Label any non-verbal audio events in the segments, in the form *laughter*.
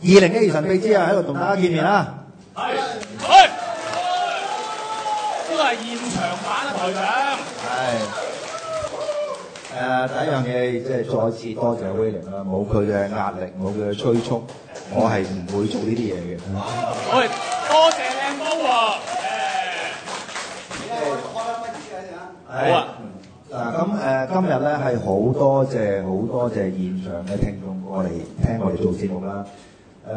二零一二神秘之夜，喺度同大家見面啦！係，都係現場版嘅台長。係。誒，第一樣嘢即係再次多謝威寧啦，冇佢嘅壓力，冇佢嘅催促，我係唔會做呢啲嘢嘅。哇！好，多謝靚哥喎。誒，開乜嘢先啊？係。嗱，咁誒，今日咧係好多謝好多謝現場嘅聽眾過嚟聽我哋做節目啦。誒，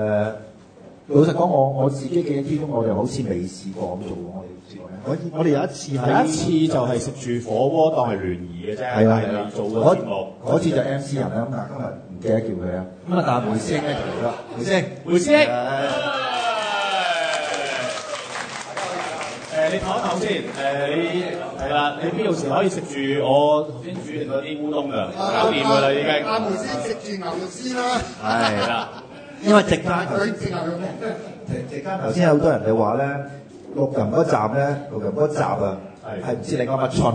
老實講，我我自己嘅烏冬，我哋好似未試過咁做，我哋過我我哋有一次喺一次就係食住火鍋，當係聯誼嘅啫，係啦係啦，做嗰次就 MC 人啦。咁啊，今日唔記得叫佢啦。咁啊，但係梅師兄咧就嚟啦，梅師兄。梅師兄，誒，你唞一唞先。誒，你係啦，你邊度時可以食住我先煮完嗰啲烏冬㗎？搞掂㗎啦，已經。阿梅師兄，食住牛肉絲啦，係啦。因為直間佢直間做咩？直直間頭先有好多人哋話咧，六人嗰站咧，六人嗰集啊，係唔知你講乜春？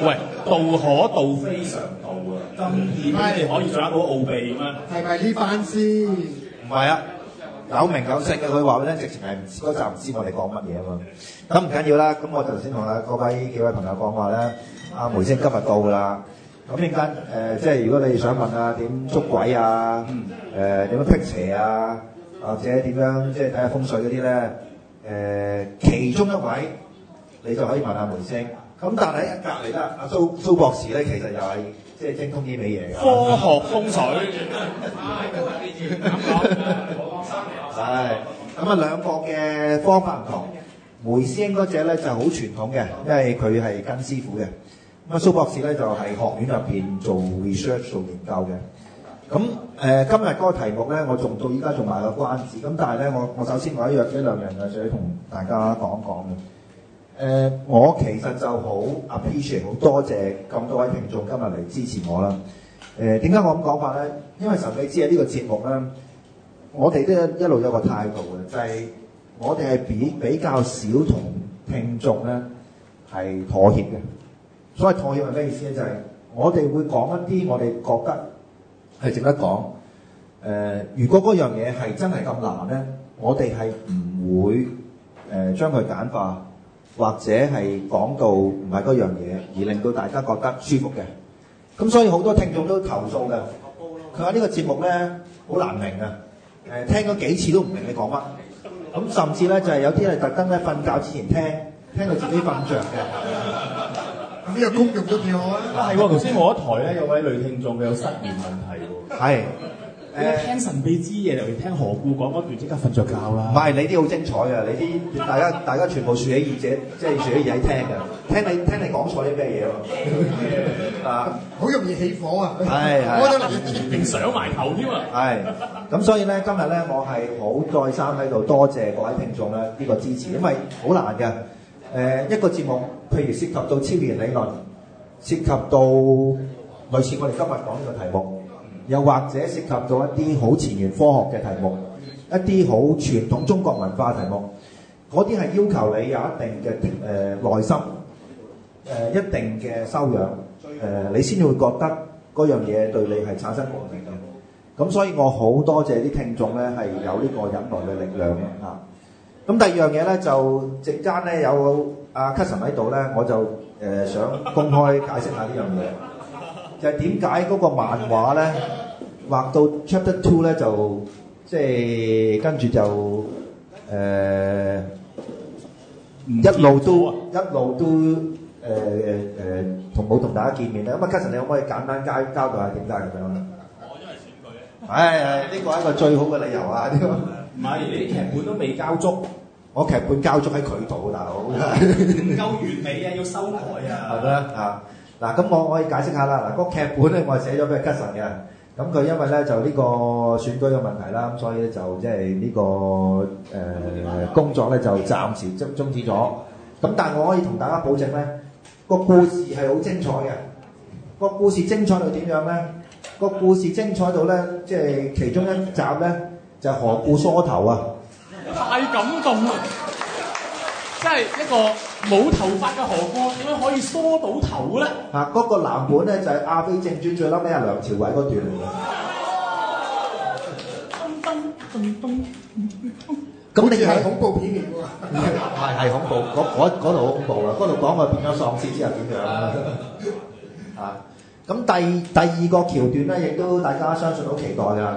喂，道可道，非常道啊！咁而家你可以做得到奧秘咁咧？係咪呢番先？唔係啊，有名有姓嘅佢話咧，直情係唔知嗰站唔知我哋講乜嘢啊嘛。咁唔緊要啦，咁我頭先同啊各位幾位朋友講話咧，阿梅生今日到㗎啦。咁點解？誒，即係如果你想問啊，點捉鬼啊，誒點樣辟邪啊，或者點樣即係睇下風水嗰啲咧？誒，其中一位你就可以問下梅師兄。咁但係喺隔離啦，阿蘇蘇博士咧，其實又係即係精通啲咩嘢？科學風水。係咁啊，兩個嘅方法唔同。梅師兄嗰隻咧就好傳統嘅，因為佢係跟師傅嘅。咁啊，蘇博士咧就係學院入邊做 research 做研究嘅。咁誒、嗯呃，今日嗰個題目咧，我仲到依家仲埋個關子。咁、嗯、但係咧，我我首先我一樣、兩樣嘢啊，想同大家講講嘅。誒、呃，我其實就好 appreciate 好多謝咁多位聽眾今日嚟支持我啦。誒、呃，點解我咁講法咧？因為神秘之夜，呢個節目咧，我哋都一,一路有一個態度嘅，就係、是、我哋係比比較少同聽眾咧係妥協嘅。所謂妥協係咩意思咧？就係我哋會講一啲我哋覺得係值得講。誒，如果嗰樣嘢係真係咁難咧，我哋係唔會誒、呃、將佢簡化，或者係講到唔係嗰樣嘢，而令到大家覺得舒服嘅。咁所以好多聽眾都投訴㗎，佢話呢個節目咧好難明啊！誒、呃，聽咗幾次都唔明你講乜。咁甚至咧就係、是、有啲係特登咧瞓覺之前聽，聽到自己瞓着嘅。 *laughs* 呢個功用都幾好啊！啊，係喎，頭先我一台咧，有位女聽眾佢有失眠問題喎。係，誒聽神秘之夜，尤其聽何故講嗰段，即刻瞓著覺啦。唔係你啲好精彩嘅，你啲大家大家全部豎起耳仔，即係豎起耳仔聽嘅，聽你聽你講錯啲咩嘢喎？啊，好容易起火啊！係係，我哋連連想埋頭添啊！係，咁所以咧，今日咧，我係好再三喺度多謝各位聽眾咧呢個支持，因為好難嘅。誒一個節目，譬如涉及到超自然理論，涉及到類似我哋今日講嘅題目，又或者涉及到一啲好前沿科學嘅題目，一啲好傳統中國文化嘅題目，嗰啲係要求你有一定嘅誒內心，誒一定嘅修養，誒你先會覺得嗰樣嘢對你係產生共鳴嘅。咁所以我好多謝啲聽眾咧，係有呢個忍耐嘅力量啦嚇。咁第二樣嘢咧，就陣間咧有阿 Cushion 喺度咧，我就誒想公開解釋下呢樣嘢，就係點解嗰個漫畫咧畫到 Chapter Two 咧，就即係跟住就誒一路都一路都誒誒誒同冇同大家見面咧。咁啊，Cushion，你可唔可以簡單交交代下點解咁樣啊？我因為選舉。誒誒，呢個係一個最好嘅理由啊！呢個唔係你啲劇本都未交足。我劇本交咗喺佢度，大佬唔夠完美啊，要修改啊。係啦，啊嗱，咁我我可以解釋下啦。嗱，個劇本咧，我係寫咗俾吉神嘅。咁佢因為咧就呢個選舉嘅問題啦，咁所以咧就即係呢個誒工作咧就暫時即係中止咗。咁但係我可以同大家保證咧，個故事係好精彩嘅。個故事精彩到點樣咧？個故事精彩到咧，即係其中一集咧就係何故梳頭啊。太感動啦！即係一個冇頭髮嘅何故，點樣可以梳到頭咧？啊，嗰、嗰個藍本咧就係《阿飛正傳》最撈尾啊，梁朝偉嗰段。咁你係恐怖片？係係 *laughs* *laughs* 恐怖，嗰嗰嗰度好恐怖 *laughs* 啊！嗰度講佢變咗喪屍之後點樣啊？咁第第二個橋段咧，亦都大家相信好期待㗎，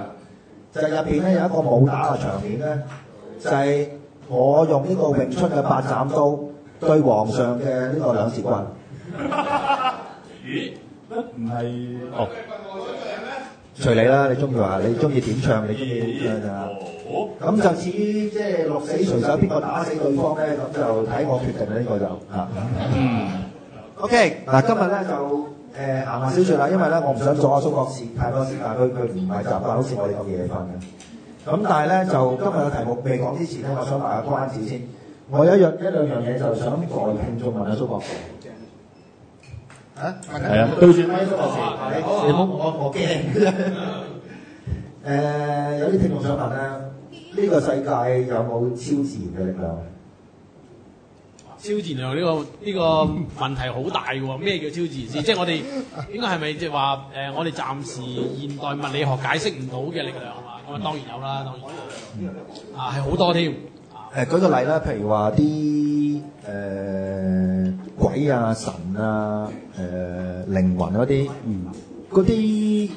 就係入邊咧有一個武打嘅場面咧。嗯嗯嗯就係我用呢個詠春嘅八斬刀對皇上嘅呢個兩節棍。咦？唔係哦？隨你啦，你中意話，你中意點唱，你中意點唱咋？哦，咁就似即係六死隨手，邊個打死對方咧？咁就睇我決定啦。呢個就啊，嗯，OK。嗱，今日咧就誒行埋少少啦，因為咧我唔想做阿蘇博士太多事，但係佢佢唔係習慣好似我哋咁夜瞓嘅。咁但係咧，就今日嘅題目未講之前咧，我、嗯、想問下關子先。我一兩一兩樣嘢就想代聽眾問下蘇博士。嚇？係啊，對住麥蘇博士。你好，我我驚。誒、 *laughs* 嗯，有啲聽眾想問啊，呢、這個世界有冇超自然嘅力量？超自然呢、這個呢、這個問題好大喎。咩叫超自然？ *laughs* 即係我哋應該係咪即係話誒？我哋暫時現代物理學解釋唔到嘅力量嗯、當然有啦，當然、嗯、啊，係好多添。誒、啊，舉個例啦，譬如話啲誒鬼啊、神啊、誒、呃、靈魂嗰啲，嗯，嗰啲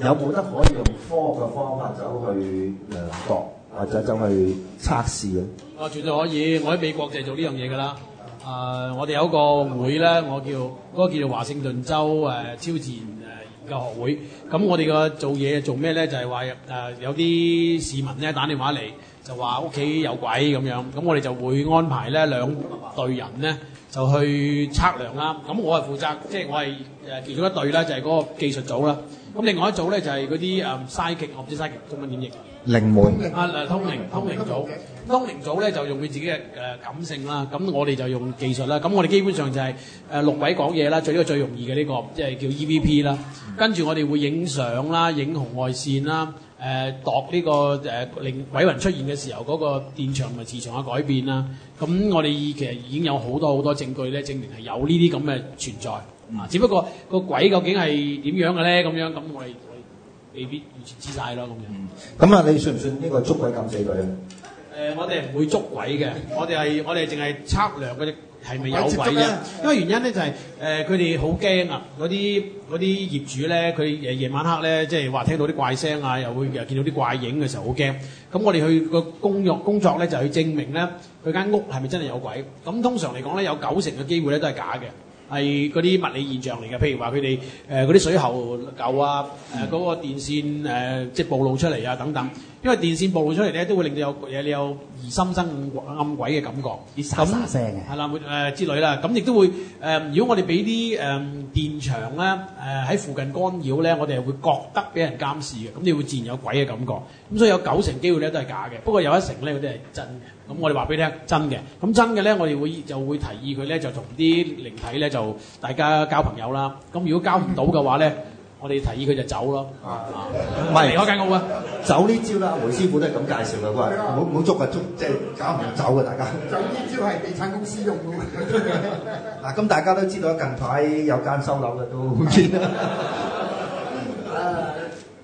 有冇得可以用科學嘅方法走去量度，或者走去測試嘅？啊，絕對可以！我喺美國就係做呢樣嘢噶啦。誒、啊，我哋有一個會咧，我叫嗰、嗰個叫做華盛頓州誒、啊、超自然嘅學會，咁我哋嘅做嘢做咩咧？就係話誒有啲市民咧打電話嚟，就話屋企有鬼咁樣，咁我哋就會安排咧兩隊人咧就去測量啦。咁我係負責，即係我係誒其中一隊啦，就係嗰個技術組啦。咁另外一組咧就係嗰啲嘥極，我唔知嘥極中文點譯。靈門啊，通靈，通靈，通，靈通靈組，通靈組咧就用佢自己嘅誒感性啦，咁我哋就用技術啦，咁我哋基本上就係誒六位講嘢啦，呃、words, 最呢個最容易嘅呢、這個即係、就是、叫 EVP 啦，跟住我哋會影相啦，影紅外線啦，誒度呢個誒靈、呃、鬼魂出現嘅時候嗰個電場同埋磁場嘅改變啦，咁我哋其實已經有好多好多證據咧，證明係有呢啲咁嘅存在，只、uh huh. 不過個鬼究竟係點樣嘅咧？咁樣咁我哋。未必完全知晒咯，咁樣。咁啊、嗯，你信唔信呢個捉鬼撳死佢啊？誒、呃，我哋唔會捉鬼嘅，我哋係我哋淨係測量嗰隻係咪有鬼咧。因為原因咧、就係，就係誒佢哋好驚啊！嗰啲啲業主咧，佢夜晚黑咧，即係話聽到啲怪聲啊，又會又見到啲怪影嘅時候好驚。咁我哋去個公用工作咧，就去證明咧，佢間屋係咪真係有鬼？咁通常嚟講咧，有九成嘅機會咧都係假嘅。係嗰啲物理現象嚟嘅，譬如話佢哋誒嗰啲水喉舊啊，誒嗰、嗯呃嗰個電線即係、呃、暴露出嚟啊等等。因為電線暴露出嚟咧，都會令到有嘢你有疑心生暗鬼嘅感覺，啲沙聲嘅。係啦樣，誒、呃、之類啦。咁亦都會誒、呃，如果我哋俾啲誒電場咧、啊，誒、呃、喺附近干擾咧，我哋係會覺得俾人監視嘅。咁你會自然有鬼嘅感覺。咁所以有九成機會咧都係假嘅，不過有一成咧嗰啲係真嘅。咁我哋話俾你聽，真嘅。咁真嘅咧，我哋會就會提議佢咧，就同啲靈體咧就大家交朋友啦。咁如果交唔到嘅話咧， *laughs* 我哋提議佢就走咯。唔係離開間屋啊！走呢招啦，梅師傅都係咁介紹嘅，喂，唔好唔好捉啊捉，即係、就係、搞唔走嘅大家。走呢招係地產公司用嘅。嗱、 *laughs* *laughs* 啊，咁大家都知道近排有間收樓嘅都見啦。嗰、 *laughs* 啊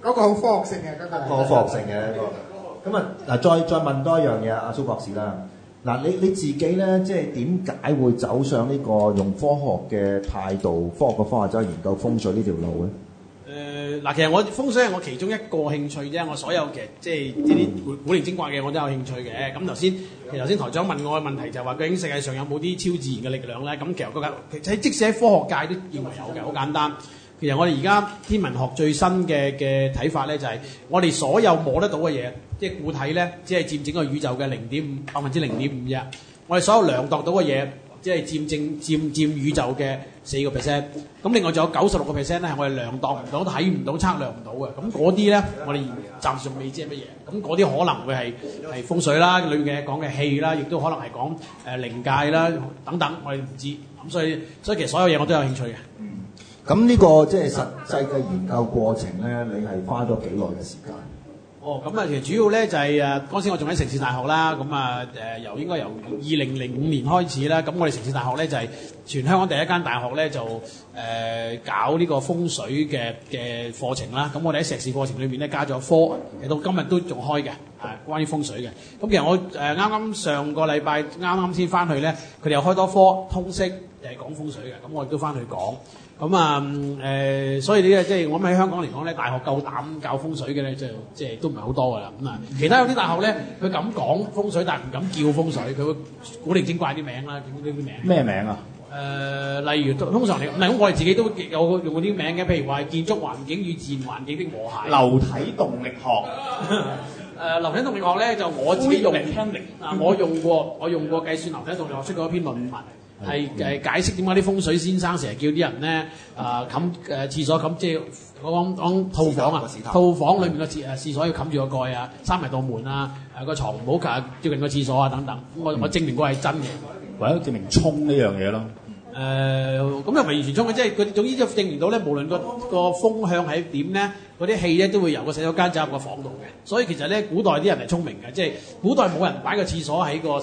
嗰個好科學性嘅嗰、嗰個、 *laughs* 科學性嘅一、嗰個個,嗰個。 *laughs* 咁啊，嗱，再再問多一樣嘢阿蘇博士啦，嗱，你你自己咧，即係點解會走上呢個用科學嘅態度、科學嘅方法走去研究風水呢條路咧？誒，嗱，其實我風水係我其中一個興趣啫，我所有嘅即係呢啲古靈精怪嘅我都有興趣嘅。咁頭先，頭先台長問我嘅問題就係話，究竟世界上有冇啲超自然嘅力量咧？咁其實嗰個，其實即使喺科學界都認為有嘅，好簡單。其實我哋而家天文學最新嘅嘅睇法咧，就係我哋所有摸得到嘅嘢，即係固體咧，只係佔整個宇宙嘅零點五百分之零點五啫。我哋所有量度到嘅嘢，只係佔正佔佔宇宙嘅四個 percent。咁另外仲有九十六個 percent 咧，係我哋量度唔到、睇唔到、測量唔到嘅。咁嗰啲咧，我哋暫時未知係乜嘢。咁嗰啲可能會係係風水啦，裏邊嘅講嘅氣啦，亦都可能係講誒靈界啦等等，我哋唔知。咁所以所以其實所有嘢我都有興趣嘅。咁呢個即係實際嘅研究過程咧，你係花咗幾耐嘅時間？哦，咁啊，其實主要咧就係、是、誒，剛先我仲喺城市大學啦，咁啊誒，由應該由二零零五年開始啦，咁我哋城市大學咧就係全香港第一間大學咧就誒、呃、搞呢個風水嘅嘅課程啦。咁我哋喺碩士課程裏面咧加咗科，其實到今日都仲開嘅，啊，關於風水嘅。咁其實我誒啱啱上個禮拜啱啱先翻去咧，佢哋又開多科通識誒講風水嘅，咁我亦都翻去講。咁啊，誒、嗯呃，所以呢啲即係我諗喺香港嚟講咧，大學夠膽教風水嘅咧，就即係都唔係好多㗎啦。咁啊，其他有啲大學咧，佢敢講風水，但係唔敢叫風水，佢會古靈精怪啲名啦，叫呢啲名。咩名啊？誒、呃，例如通常你嗱，我哋自己都有用嗰啲名嘅，譬如話建築環境與自然環境的和諧流、 *laughs* 呃、流體動力學。誒，流體動力學咧就我自己用嗱， *laughs* 我用過，我用過計算流體動力學出過一篇論文。係，誒，解釋點解啲風水先生成日叫啲人咧，誒冚，誒廁所冚，即係套，套房場啊，套房裏面個廁，誒廁所要冚住個蓋啊，閂埋道門啊，誒、啊、個床唔好靠近個廁所啊等等。我、嗯、我證明過係真嘅，為咗證明衝呢、啊呃、樣嘢咯。誒咁又咪完全衝嘅，即係佢總之就證明到咧，無論個個風向係點咧，嗰啲氣咧都會由個洗手間走入個房度嘅。所以其實咧，古代啲人係聰明嘅，即係古代冇人擺個廁所喺個。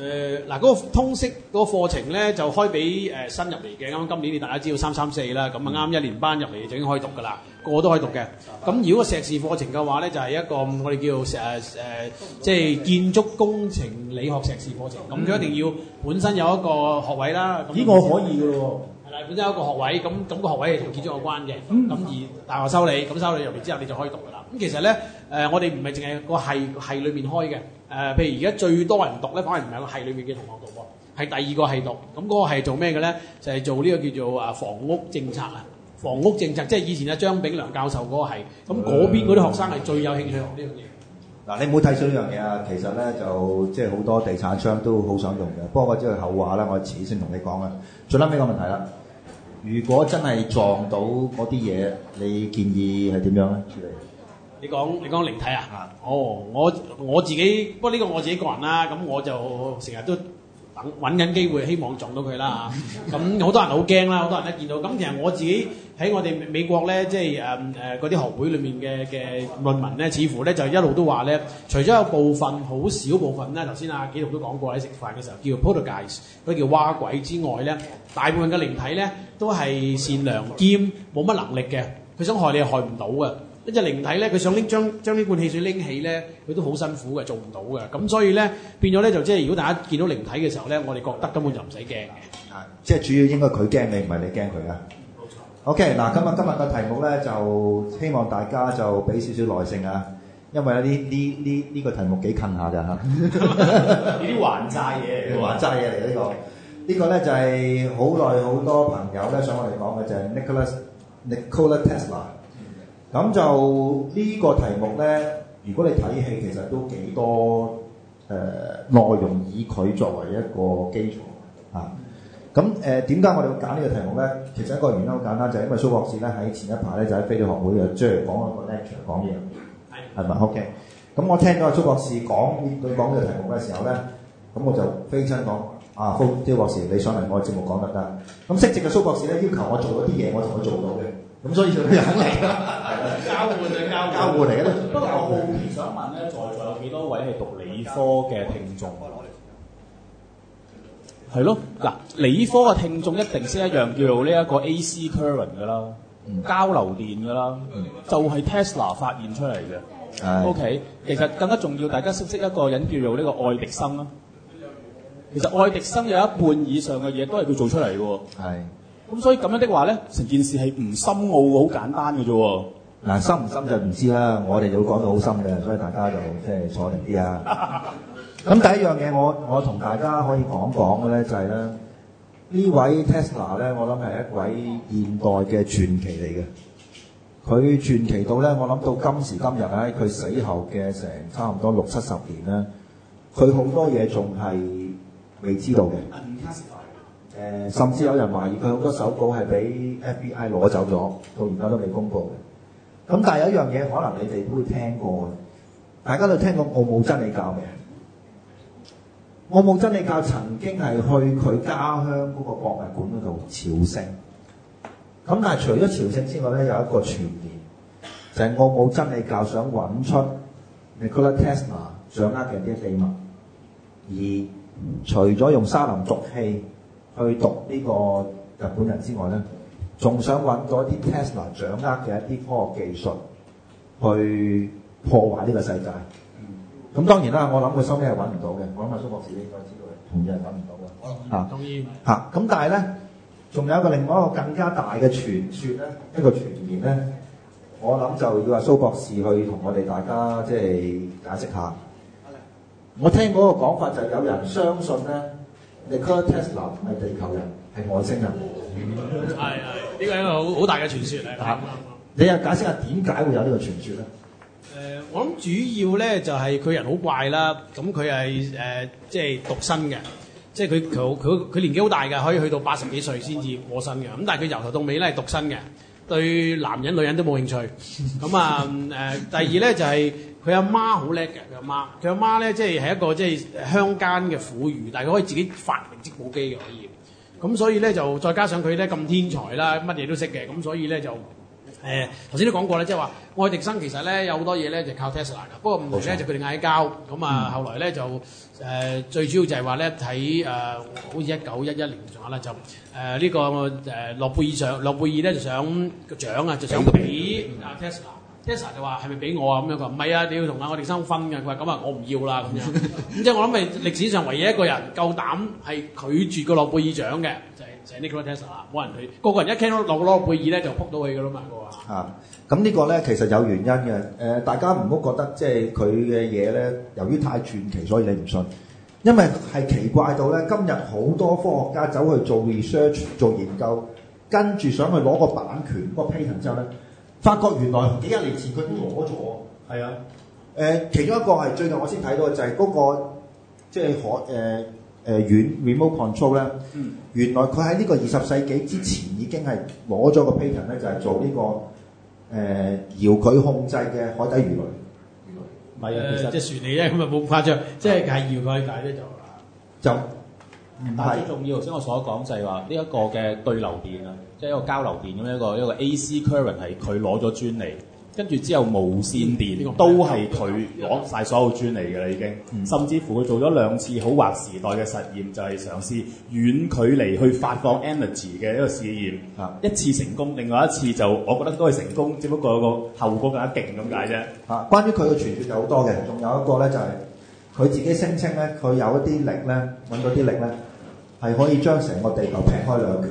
誒嗱，嗰個通識嗰個課程咧就開俾誒新入嚟嘅。啱啱今年你大家知道三三四啦，咁啊啱一年班入嚟就已經可以讀噶啦，個個都可以讀嘅。咁如果個碩士課程嘅話咧，就係一個我哋叫誒誒，即係建築工程理學碩士課程，咁佢一定要本身有一個學位啦。呢個可以㗎咯喎。本身有一個學位，咁、那、咁個學位係同建築有關嘅。咁、嗯、而大學收你，咁收你入嚟之後，你就可以讀㗎啦。咁其實咧，誒、呃、我哋唔係淨係個係係裏面開嘅。誒、呃、譬如而家最多人讀咧，反而唔係個係裏面嘅同學讀喎，係第二個係讀。咁、那、嗰個係做咩嘅咧？就係、是、做呢個叫做啊房屋政策啊，房屋政策即係以前阿張炳良教授嗰個係。咁、那、嗰、個嗯、邊嗰啲學生係最有興趣學呢樣嘢。嗱、嗯、你唔好睇小呢樣嘢啊，其實咧就即係好多地產商都好想用嘅。不過只係後話啦，我遲先同你講啊。最 last 呢個問題啦。如果真係撞到嗰啲嘢，你建議係點樣咧處理？你講你講靈體啊？啊，哦，我我自己，不過呢個我自己個人啦，啊，咁我就成日都揾緊機會，希望撞到佢啦嚇！咁好 *laughs* 多人好驚啦，好多人咧見到。咁其實我自己喺我哋美國咧，即係誒誒嗰啲學會裡面嘅嘅論文咧，似乎咧就一路都話咧，除咗有部分好少部分咧，頭先阿紀陶都講過喺食飯嘅時候叫 poltergeist，嗰啲叫做蛙鬼之外咧，大部分嘅靈體咧都係善良兼冇乜能力嘅，佢想害你又害唔到嘅。一隻靈體咧，佢想拎將將呢罐汽水拎起咧，佢都好辛苦嘅，做唔到嘅。咁所以咧，變咗咧就即係如果大家見到靈體嘅時候咧，我哋覺得根本就唔使驚嘅。係、嗯，即係主要應該佢驚你，唔係你驚佢啊。嗯，冇錯。OK，嗱，今日今日嘅題目咧，就希望大家就俾少少耐性啊，因為呢呢呢呢個題目幾近下咋嚇。呢啲還債嘢、啊，還債嘢嚟嘅呢個。呢個咧就係好耐好多朋友咧想我哋講嘅就係 Nicholas Nikola Tesla。咁就呢個題目咧，如果你睇戲，其實都幾多誒、呃、內容以佢作為一個基礎啊。咁誒點解我哋會揀呢個題目咧？其實一個原因好簡單，就是、因為蘇博士咧喺前一排咧就喺飛機學會嘅 journal 個 lecture 講嘢，係咪？OK、嗯。咁我聽到蘇博士講，佢講呢個題目嘅時候咧，咁、嗯、我就飛身講啊，福，即係博士，你上嚟我嘅節目講得得？咁適值嘅蘇博士咧要求我做一啲嘢，我就會做到嘅。咁所以就啲人嚟啦，交換嚟交換嚟啦。不過我好奇想問咧，在座有幾多位係讀理科嘅聽眾啊？係咯，嗱，理科嘅聽眾一定識一樣叫做呢一個 AC current 㗎啦，交流電㗎啦，就係 Tesla 發現出嚟嘅。OK，其實更加重要，大家識唔識一個人叫做呢個愛迪生啊？其實愛迪生有一半以上嘅嘢都係佢做出嚟嘅喎。係。咁所以咁樣的話咧，成件事係唔深奧，好簡單嘅啫。嗱，深唔深就唔知啦。我哋就會講到好深嘅，所以大家就即係坐定啲啊。咁 *laughs* 第一樣嘢，我我同大家可以講講嘅咧，就係咧呢位 Tesla 咧，我諗係一位現代嘅傳奇嚟嘅。佢傳奇到咧，我諗到今時今日咧，佢死後嘅成差唔多六七十年咧，佢好多嘢仲係未知道嘅。誒，甚至有人懷疑佢好多手稿係俾 FBI 攞走咗，到而家都未公佈嘅。咁但係有一樣嘢，可能你哋都會聽過，大家都聽過奧姆真理教嘅。奧姆真理教曾經係去佢家鄉嗰個博物館嗰度朝聖。咁但係除咗朝聖之外咧，有一個傳言，就係奧姆真理教想揾出 Nikola Tesla 掌握嘅啲秘密，而除咗用沙林毒氣。去讀呢個日本人之外咧，仲想揾嗰啲 Tesla 掌握嘅一啲科學技術去破壞呢個世界。咁、嗯、當然啦，我諗佢收尾係揾唔到嘅。我諗阿蘇博士應該知道，嗯、是同樣係揾唔到嘅。嗯、啊，同意。嚇、啊，咁但係咧，仲有一個另外一個更加大嘅傳説咧，一個傳言咧，我諗就要阿蘇博士去同我哋大家即係解釋下。嗯、我聽講個講法就係有人相信咧。Nikola Tesla，係地球人，係外星人。係 *laughs* 係，呢個係一個好好大嘅傳説咧嚇。啊、是你又解釋下點解會有呢個傳説咧？誒、呃，我諗主要咧就係、是、佢人好怪啦。咁佢係誒即係獨身嘅，即係佢佢佢佢年紀好大嘅，可以去到八十幾歲先至過身嘅。咁但係佢由頭到尾咧係獨身嘅，對男人女人都冇興趣，咁啊誒第二咧就係佢阿媽好叻嘅，佢阿媽佢阿媽咧即係係一個即係、就是、鄉間嘅婦孺，但佢可以自己發明織布機嘅可以，咁、嗯、所以咧就再加上佢咧咁天才啦，乜嘢都識嘅，咁、嗯、所以咧就。誒頭先都講過咧，即係話愛迪生其實咧有好多嘢咧就靠 Tesla 啦。不過唔同咧就佢哋嗌交，咁啊後來咧就誒、uh, 最主要就係話咧睇誒，好似一九一一年嘅時候咧就誒呢個誒、uh, 諾貝爾獎，諾貝爾咧就想個獎啊，就想俾 Tesla，Tesla 就話係咪俾我啊？咁樣佢話唔係啊，你要同阿愛迪生分嘅。佢話咁啊，我唔要啦咁樣。即係、嗯、 *laughs* 我諗係歷史上唯一一個人夠膽係拒絕個諾貝爾獎嘅。成呢個冇人去。個人一傾到諾貝爾咧，就撲到佢噶啦嘛。我 *noise* 話樂。啊，咁呢個咧其實有原因嘅。誒、呃，大家唔好覺得即係佢嘅嘢咧，由於太傳奇，所以你唔信。因為係奇怪到咧，今日好多科學家走去做 research 做研究，跟住想去攞個版權，這個 patent 之後咧，發覺原來幾十年前佢都攞咗。係啊。誒、呃，其中一個係最近我先睇到嘅就係嗰、那個，即係可誒。呃誒遠、uh, remote control 咧、嗯，原來佢喺呢個二十世紀之前已經係攞咗個 patent 咧、這個，就係做呢個誒遙距控制嘅海底魚雷。唔係啊，呃、其實即係船嚟啫，咁啊冇咁誇張，即係係遙距，但係咧就就唔係好重要。頭先我所講就係話呢一個嘅對流電啊，即、就、係、是、一個交流電咁樣一個一個，一個 AC current 係佢攞咗專利。跟住之後無線電都係佢攞晒所有專利嘅啦，已經。甚至乎佢做咗兩次好劃時代嘅實驗，就係嘗試遠距離去發放 energy 嘅一個試驗。啊、一次成功，另外一次就我覺得都係成功，只不過個後果更加勁咁解啫。啊，關於佢嘅傳説就好多嘅，仲有一個咧就係、是、佢自己聲稱咧，佢有一啲力咧，揾到啲力咧，係可以將成個地球劈開兩拳。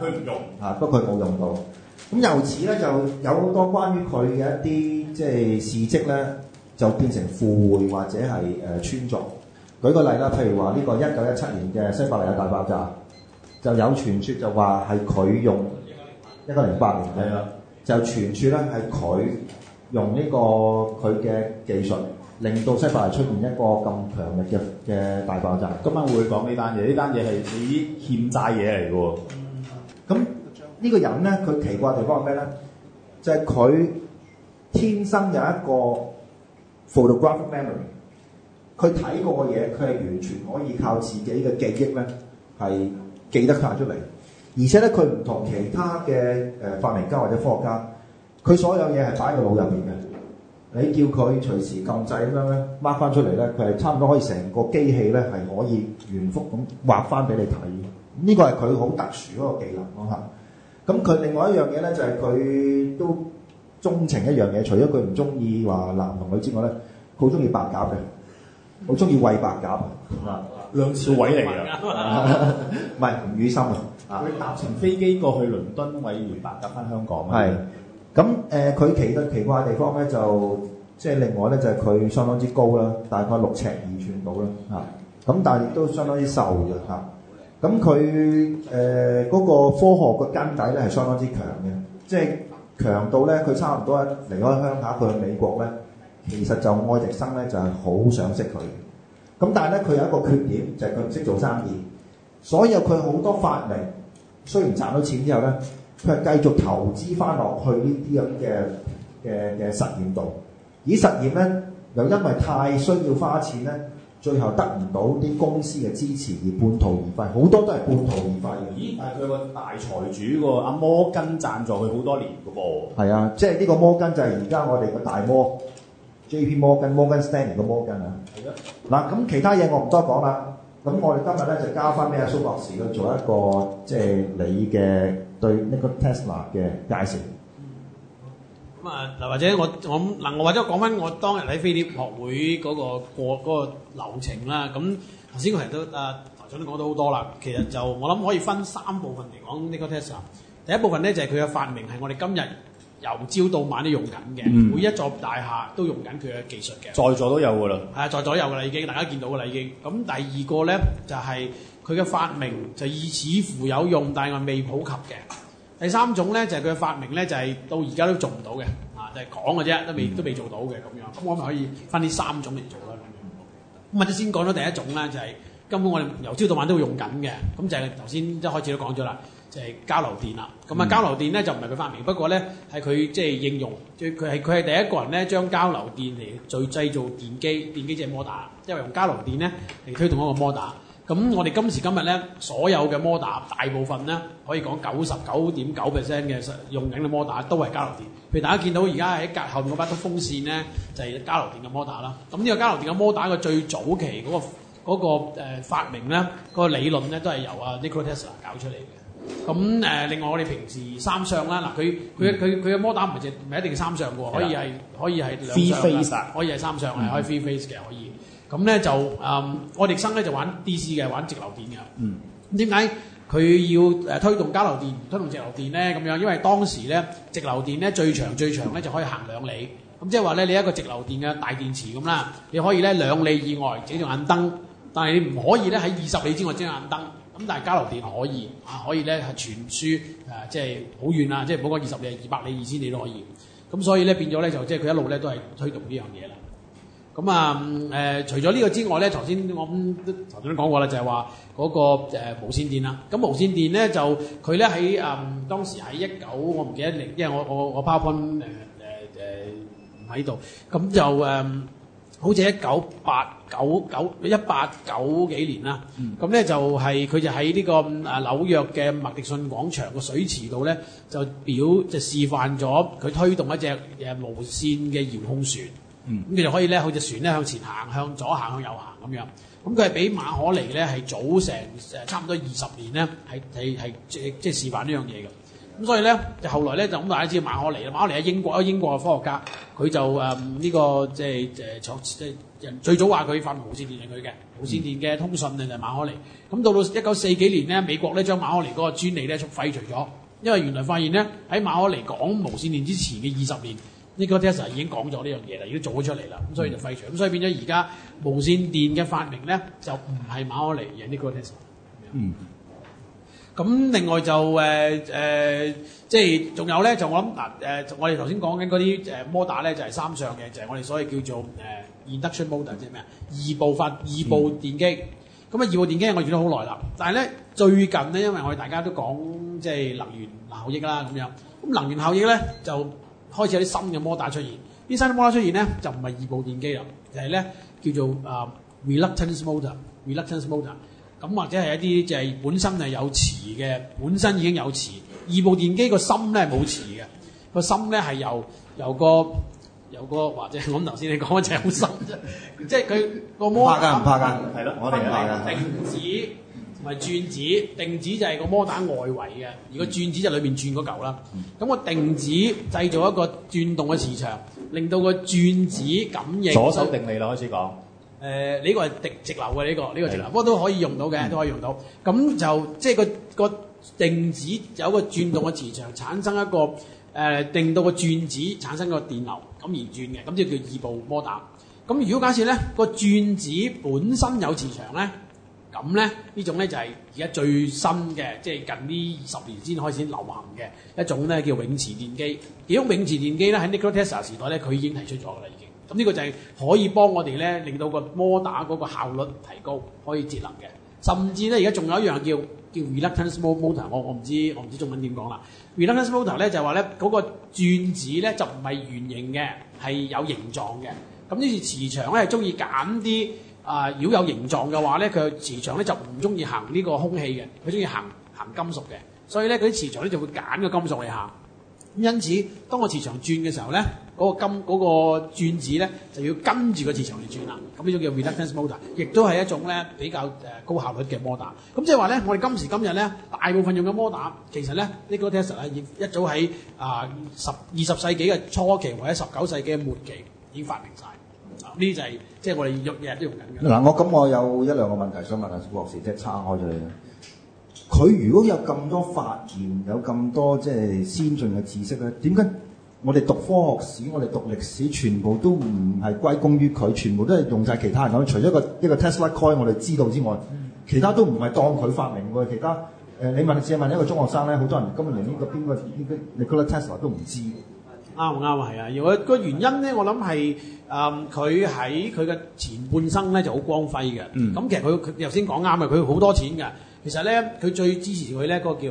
佢唔用。啊，不過佢冇用到。咁由此咧就有好多關於佢嘅一啲即係事蹟咧，就變成附會或者係誒穿鑿。舉個例啦，譬如話呢個一九一七年嘅西伯利亞大爆炸，就有傳説就話係佢用一九零八年嘅，的就傳説咧係佢用呢個佢嘅技術，令到西伯利亞出現一個咁強力嘅嘅大爆炸。今晚會講呢單嘢，呢單嘢係你欠債嘢嚟嘅喎。呢個人咧，佢奇怪地方係咩咧？就係、是、佢天生有一個 photographic memory，佢睇過嘅嘢，佢係完全可以靠自己嘅記憶咧，係記得佢畫出嚟。而且咧，佢唔同其他嘅誒發明家或者科學家，佢所有嘢係擺喺個腦入面嘅。你叫佢隨時撳掣咁樣咧，mark 翻出嚟咧，佢係差唔多可以成個機器咧，係可以原複咁畫翻俾你睇。呢、這個係佢好特殊嗰個技能咯、嗯咁佢另外一樣嘢咧，就係佢都鍾情一樣嘢，除咗佢唔中意話男同女之外咧，好中意白鴿嘅，好中意餵白鴿。嗯、啊，梁朝偉嚟嘅，唔係吳宇森啊。佢搭乘飛機過去倫敦餵回白鴿翻香港啊。咁誒，佢奇得奇怪嘅地方咧，就即係、就是、另外咧，就係、是、佢相當之高啦，大概六尺二寸到啦。啊，咁、啊、但係亦都相當之瘦嘅嚇。啊啊咁佢誒嗰個科學嘅根底咧，係相當之強嘅，即係強到咧，佢差唔多一離開鄉下，佢去美國咧，其實就愛迪生咧就係好想識佢。咁但係咧，佢有一個缺點，就係佢唔識做生意，所有佢好多發明雖然賺到錢之後咧，佢係繼續投資翻落去呢啲咁嘅嘅嘅實驗度。而實驗咧，又因為太需要花錢咧。最後得唔到啲公司嘅支持而半途而廢，好多都係半途而廢嘅。咦，但係佢個大財主喎，啊，阿摩根贊助佢好多年嘅噃。係啊，即係呢個摩根就係而家我哋個大摩 J P 摩根，摩根 Stanley 個摩根啊。係咯。嗱，咁其他嘢我唔多講啦。咁我哋今日咧就交翻俾阿蘇博士去做一個即係、就是、你嘅對呢個 Tesla 嘅介紹。咁啊，嗱或者我我嗱我或者講翻我當日喺飛碟學會嗰、嗰個過、嗰個嗰個、流程啦。咁頭先我提到啊，台長都講到好多啦。其實就我諗可以分三部分嚟講呢個 Tesla。第一部分咧就係佢嘅發明係我哋今日由朝到晚都用緊嘅，嗯、每一座大廈都用緊佢嘅技術嘅，在座都有㗎啦。係啊，在座有㗎啦，已經大家見到㗎啦，已經。咁第二個咧就係佢嘅發明就似乎有用，但係我未普及嘅。第三種咧就係佢嘅發明咧，就係、是、到而家都做唔到嘅，啊，就係講嘅啫，都未都未做到嘅咁樣。咁我咪可以分呢三種嚟做啦咁樣。咁啊、嗯、先講咗第一種啦，就係、是、根本我哋由朝到晚都會用緊嘅，咁就係頭先一開始都講咗啦，就係、是、交流電啦。咁、嗯、啊交流電咧就唔係佢發明，不過咧係佢即係應用，最佢係佢係第一個人咧將交流電嚟最製造電機，電機即係摩打，因 o 用交流電咧嚟推動一個摩打。咁我哋今時今日咧，所有嘅 motor 大部分咧，可以講九十九點九 percent 嘅用緊嘅 motor 都係交流電。譬如大家見到而家喺隔後面嗰把風扇咧，就係交流電嘅 motor 啦。咁呢個交流電嘅 motor 嘅最早期嗰、個嗰、個、呃、發明咧，個理論咧都係由阿 Nikola Tesla 搞出嚟嘅。咁誒、呃，另外我哋平時三相啦，嗱佢佢佢佢嘅 motor 唔係淨唔係一定三相嘅喎，可以係的可以係兩相可以係三相係可以 three phase 嘅可以。可以咁咧就誒愛迪生咧就玩 DC 嘅，玩直流電嘅。嗯。咁點解佢要誒推動交流電、推動直流電咧？咁樣，因為當時咧直流電咧最長最長咧就可以行兩里。咁即係話咧，你一個直流電嘅大電池咁啦，你可以咧兩里以外整隻眼燈，但係你唔可以咧喺二十里之外整眼燈。咁但係交流電可以啊，可以咧係傳輸誒，即係好遠啦，即係唔好講二十里，二百里、二千里都可以。咁所以咧變咗咧就即係佢一路咧都係推動呢樣嘢啦。咁啊誒，除咗呢個之外咧，頭先我咁頭先講過啦，就係話嗰個誒、呃、無線電啦。咁、嗯、無線電咧就佢咧喺啊當時喺一九我唔記得年，因為我我我 PowerPoint 誒誒誒唔喺度，咁就誒、嗯、好似一九八九九一八九幾年啦。咁、嗯、咧、嗯、就係佢就喺呢個啊、呃、紐約嘅麥迪遜廣場個水池度咧，就表就示範咗佢推動一隻誒無線嘅遙控船。咁佢就可以咧，佢隻船咧向前行，向左行，向右行咁樣。咁佢係比馬可尼咧係早成誒差唔多二十年咧，係係係即即係示範呢樣嘢嘅。咁、嗯、所以咧，就後來咧就咁大家知道馬可尼啦，馬可尼喺英國啊，英國嘅科學家，佢就誒呢、嗯這個即係誒創即係人最早話佢發明無線電係佢嘅無線電嘅通訊咧就係馬可尼。咁、嗯嗯、到到一九四幾年咧，美國咧將馬可尼嗰個專利咧就廢除咗，因為原來發現咧喺馬可尼講無線電之前嘅二十年。呢個 Tesla 已經講咗呢樣嘢啦，已經做咗出嚟啦，咁所以就廢除，咁所以變咗而家無線電嘅發明咧就唔係馬可尼而係呢個 Tesla 咁樣。嗯。咁另外就誒誒、呃呃，即係仲有咧就我諗嗱誒，我哋頭先講緊嗰啲誒摩打咧就係三相嘅，就係、是就是、我哋所謂叫做誒、呃、induction motor 即係咩啊？二步發二部電機。咁啊、嗯、二部電機我哋用咗好耐啦，但係咧最近咧因為我哋大家都講即係能源效益啦咁樣，咁能源效益咧就。開始有啲新嘅摩打出現，呢新摩打出現咧就唔係二部電機啦，uh，就係咧叫做啊 reluctance motor、reluctance motor，咁或者係一啲就係本身係有磁嘅，本身已經有磁。二部電機個心咧冇磁嘅，個心咧係由由個由個或者我諗頭先你講嘅就好深啫，即係佢 *laughs* 個摩打不停的止。 *laughs* 唔係轉子定子就係個摩打外圍嘅，而個轉子就裏面轉嗰嚿啦。咁、嗯、個定子製造一個轉動嘅磁場，令到個轉子感應。左手定理啦，開始講。誒、呃，呢、這個係直直流嘅呢、這個，呢、這個直流不過的都可以用到嘅，都、嗯、可以用到。咁就即係、就是、個個定子有個轉動嘅磁場，產生一個誒、呃，令到個轉子產生個電流咁而轉嘅，咁就叫異步摩打。咁如果假設咧、那個轉子本身有磁場咧？咁咧呢種咧就係而家最新嘅，即係近呢二十年先開始流行嘅一種咧叫永磁電機。其實永磁電機咧喺 Nikola Tesla 時代咧佢已經提出咗啦，已經。咁呢個就係可以幫我哋咧令到個摩打嗰個效率提高，可以節能嘅。甚至咧而家仲有一樣叫叫 reluctance motor，我我唔知我唔知中文點講啦。reluctance motor 咧就係話咧嗰個轉子咧就唔係圓形嘅，係有形狀嘅。咁呢次磁場咧係中意揀啲。啊、呃！如果有形狀嘅話咧，佢磁場咧就唔中意行呢個空氣嘅，佢中意行行金屬嘅，所以咧佢啲磁場咧就會揀個金屬嚟行。咁因此，當個磁場轉嘅時候咧，嗰、嗰個金嗰、嗰個轉子咧就要跟住個磁場嚟轉啦。咁呢種叫 reluctance motor，亦都係一種咧比較誒高效率嘅模打。咁即係話咧，我哋今時今日咧，大部分用嘅模打，其實咧呢、呢個 Tesla 咧，已一早喺啊十二十世紀嘅初期或者十九世紀末期已經發明晒。呢就係、是、即係我哋用嘢都要緊嘅。嗱，我咁、嗯、我有一兩個問題想問下蘇博士，即係岔開咗你咧。佢如果有咁多發言，有咁多即係先進嘅知識咧，點解我哋讀科學史，我哋讀歷史，全部都唔係歸功於佢，全部都係用晒其他人。咁除咗個一個,個 Tesla Coil 我哋知道之外，嗯、其他都唔係當佢發明喎。其他誒、呃，你問試問,問一個中學生咧，好多人根本連呢個邊個邊個，你覺得 Tesla 都唔知。啱唔啱啊？係啊，如果個原因咧，我諗係誒佢喺佢嘅前半生咧就好光輝嘅。咁、嗯、其實佢佢頭先講啱嘅，佢好多錢㗎。其實咧，佢最支持佢咧，嗰、那個叫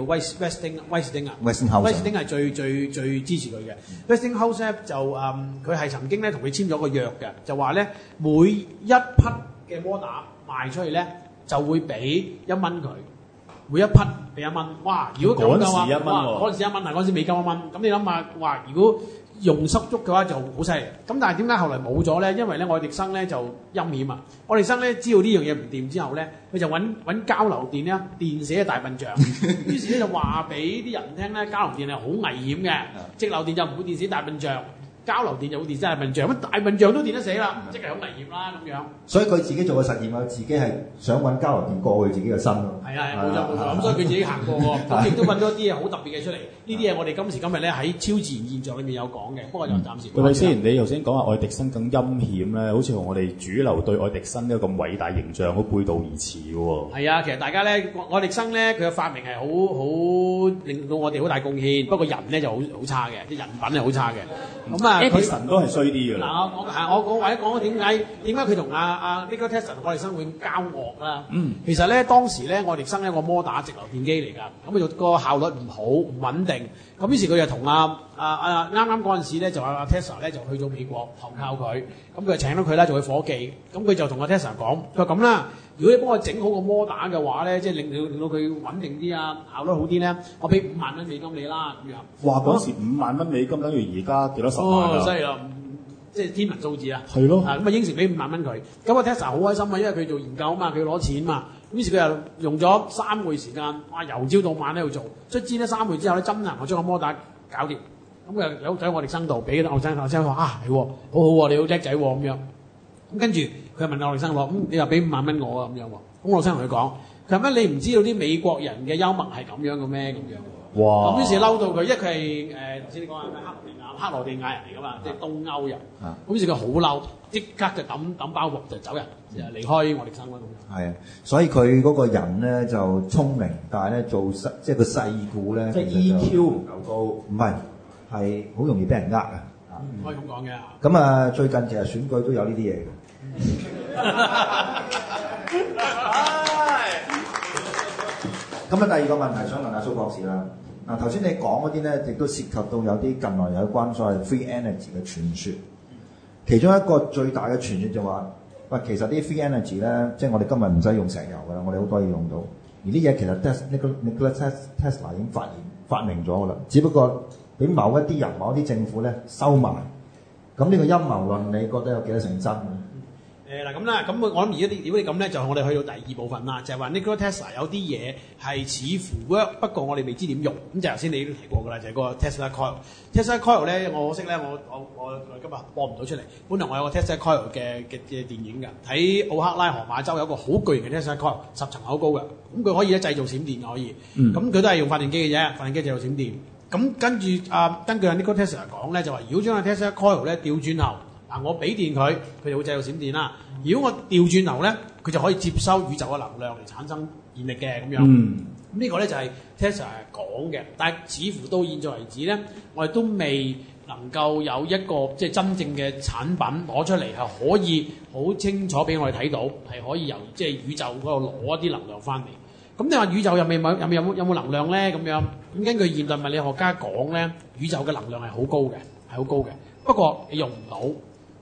Westing，Westing 啊，Westinghouse。Westinghouse 係最最最支持佢嘅。Westinghouse Holdset 就誒，佢、嗯、係曾經咧同佢簽咗個約嘅，就話咧每一匹嘅摩打賣出去咧，就會俾一蚊佢。每一匹俾一蚊，哇！如果嗰陣時一蚊喎，嗰時一蚊，嗱嗰陣時未夠一蚊，咁你諗下，哇！如果用濕足嘅話就好犀利。咁但係點解後嚟冇咗咧？因為咧愛迪生咧就陰險啊！愛迪生咧知道呢樣嘢唔掂之後咧，佢就揾揾交流電咧電死大笨象， *laughs* 於是咧就話俾啲人聽咧交流電係好危險嘅，直 *laughs* 流電就唔會電死大笨象。交流電就冇電曬，蚊帳乜大笨象都電得死啦，的即係好危險啦咁樣。所以佢自己做嘅實驗佢自己係想揾交流電過去自己嘅身咯。係啊的，冇錯冇錯，咁所以佢自己行過咁亦都揾咗啲嘢好特別嘅出嚟。呢啲嘢我哋今時今日咧喺超自然現象裏面有講嘅，不過就暫時。喂，先你頭先講話愛迪生咁陰險咧，好似同我哋主流對愛迪生呢個咁偉大形象好背道而馳喎。係啊，其實大家咧，愛迪生咧，佢嘅發明係好好令到我哋好大貢獻，不過人咧就好好差嘅，啲人品係好差嘅，咁啊。 *laughs* 佢神都係衰啲㗎啦。嗱、嗯，我我我或者講點解點解佢同阿阿 Nikola Tesla 愛迪生會交惡啦？嗯，其實咧當時咧愛迪生一個摩打直流電機嚟㗎，咁、那、佢個效率唔好，唔穩定。咁於是佢就同阿阿阿啱啱嗰陣時咧，就阿阿 Tesla 咧就去咗美國，投靠佢。咁佢就請咗佢啦，做佢伙計。咁佢就同阿 Tesla 講，佢話咁啦，如果你幫我整好個摩打嘅話咧，即係令到令到佢穩定啲啊，考得好啲咧，我俾五萬蚊美金你啦。咁樣。哇！嗰時五萬蚊美金等於而家幾多十萬啊？哦，犀利啦！即係天文數字啊！係咯。咁啊應承俾五萬蚊佢。咁阿 Tesla 好開心啊，因為佢做研究啊嘛，佢攞錢嘛。於是佢又用咗三個月時間，哇！由朝到晚喺度做，出尖咗三個月之後咧，真係、嗯、我將個摩打搞掂。咁佢又走喺我哋生度，俾啲後生後生話啊，好好喎、啊，你好叻仔喎咁樣。咁跟住佢又問我哋生話，咁、嗯、你又俾五萬蚊我啊咁樣，咁、嗯、我後生同佢講，佢話咩？你唔知道啲美國人嘅幽默係咁樣嘅咩？咁樣。哇！咁於是嬲到佢，一佢係誒頭先你講係咩克羅地亞，克羅地亞人嚟噶嘛，即係東歐人。咁於是佢好嬲，即刻就揼揼包袱就走人，就離開我哋香港。係啊，所以佢嗰個人咧就聰明，但係咧做即係個細故咧，即係 EQ 唔夠高，唔係係好容易俾人呃啊！唔可以咁講嘅。咁啊，最近其實選舉都有呢啲嘢嘅。咁啊，第二個問題想問阿蘇博士啦。嗱，頭先你講嗰啲咧，亦都涉及到有啲近來有關所謂 free energy 嘅傳說，其中一個最大嘅傳說就話，喂，其實啲 free energy 咧，即係我哋今日唔使用石油嘅，我哋好多嘢用到，而啲嘢其實 Tesla 已經發現發明咗嘅啦，只不過俾某一啲人、某一啲政府咧收埋，咁呢個陰謀論，你覺得有幾多成真？誒嗱咁啦，咁我我諗，如果你解咁咧，就我哋去到第二部分啦，就係、是、話 Nikola Tesla 有啲嘢係似乎 work，不過我哋未知點用。咁就頭先你都提過噶啦，就係、是、個 Tesla Coil、嗯。Tesla Coil 咧，我識咧，我我我今日播唔到出嚟。本來我有個 Tesla Coil 嘅嘅嘅電影㗎，喺奧克拉荷馬州有個好巨型嘅 Tesla Coil，十層樓高㗎。咁佢可以咧製造閃電，可以。咁佢、嗯、都係用發電機嘅啫，發電機製造閃電。咁跟住啊，根據 Nikola Tesla 講咧，就話如果將 Tesla Coil 咧調轉後。嗱，我俾電佢，佢就會製造閃電啦。如果我調轉流咧，佢就可以接收宇宙嘅能量嚟產生電力嘅咁樣。嗯，呢個咧就係 Tesla 講嘅，但係似乎到現在為止咧，我哋都未能夠有一個即係真正嘅產品攞出嚟，係可以好清楚俾我哋睇到係可以由即係宇宙嗰度攞一啲能量翻嚟。咁你話宇宙入面有有冇有冇能量咧？咁樣，咁根據現代物理學家講咧，宇宙嘅能量係好高嘅，係好高嘅。不過你用唔到。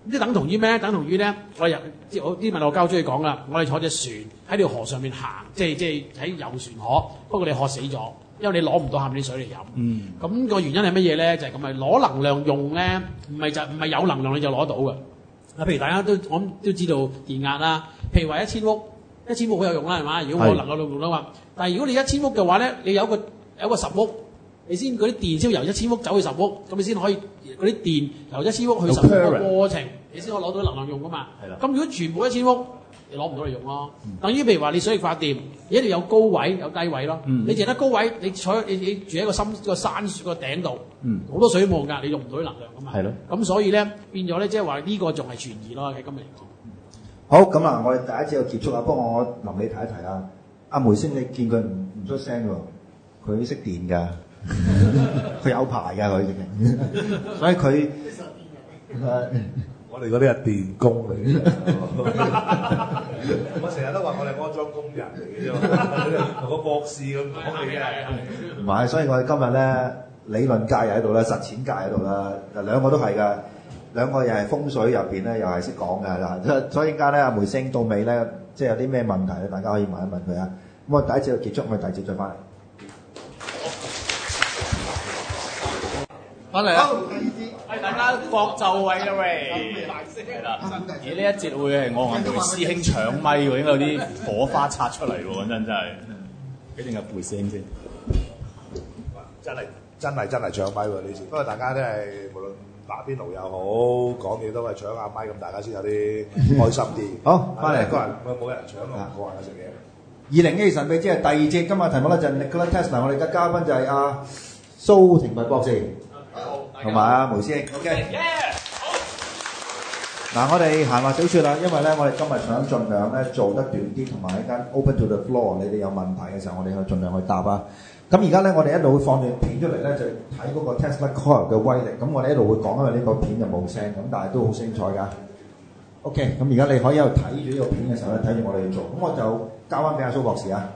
即等同於咩？等同於咧，我入即我啲問我交中意講啦，我哋坐隻船喺條河上面行，即係即係喺遊船河。不過你渴死咗，因為你攞唔到下面啲水嚟飲。咁、嗯嗯那個原因係乜嘢咧？就係咁啊！攞能量用咧，唔係就唔係有能量你就攞到嘅。嗯、啊，譬如大家都我都知道電壓啦，譬如話一千屋，一千屋好有用啦，係嘛？如果我能夠用得話，是但係如果你一千屋嘅話咧，你有個有個十屋。你先嗰啲電先由一千屋走去十屋，咁你先可以嗰啲電由一千屋去十屋嘅過程，Use parent. 你先可攞到啲能量用噶嘛。係啦的。咁如果全部一千屋，你攞唔到嚟用咯。嗯、等於譬如話你水力發電，你一定要有高位有低位咯。嗯、你淨得高位，你坐你你住喺個深個山雪個頂度，好、嗯、多水冇壓，你用唔到啲能量噶嘛。係咯的。咁所以咧變咗咧，即係話呢個仲係存疑咯，喺今日嚟講。好，咁啊，我哋第一次就結束喇，不過幫我臨你睇一提啊。阿梅星，你見佢唔唔出聲喎？佢識電㗎。佢有牌，噶佢已經，所以佢，我哋嗰啲係電工嚟，我成日都話我哋安裝工人嚟嘅啫嘛，同個博士咁，講嘢係唔係，所以我哋今日咧理論界又喺度啦，實踐界喺度啦，誒兩個都係噶，兩個又係風水入邊咧又係識講噶嗱，所以陣間咧阿梅星到尾咧，即係有啲咩問題咧，大家可以問一問佢啊，咁我第一節就結束，我哋第二節再翻嚟。翻嚟啦！係、oh, 大家各就位啦，喂，係啦是。咦，呢一節會係我同師兄搶咪喎，應該 *laughs* 有啲火花擦出嚟喎，真真係。一定係背聲先？真係真係真係搶咪喎！呢次不過大家都、就、係、是、無論打邊爐又好講嘢，都係搶下咪。咁，大家先有啲開心啲。 *laughs* 好，翻嚟個人冇人搶咯，個人去食嘢。二零一神秘之第二節，今日題目咧就係《Nikola Tesla》我哋嘅嘉賓就係、是、阿、啊、蘇廷慧博士。同埋阿梅師兄 OK。嗱，我哋閒話少說啦，因為咧，我哋今日想盡量咧做得短啲，同埋一間 open to the floor。你哋有問題嘅時候，我哋去盡量去答啊。咁而家咧，我哋一路會放段片出嚟咧，就睇嗰個 Tesla Core 嘅威力。咁我哋一路會講，因為呢個片就冇聲，咁但係都好精彩㗎。OK，咁而家你可以喺度睇住呢個片嘅時候咧，睇住我哋去做。咁我就交翻俾阿蘇博士啊。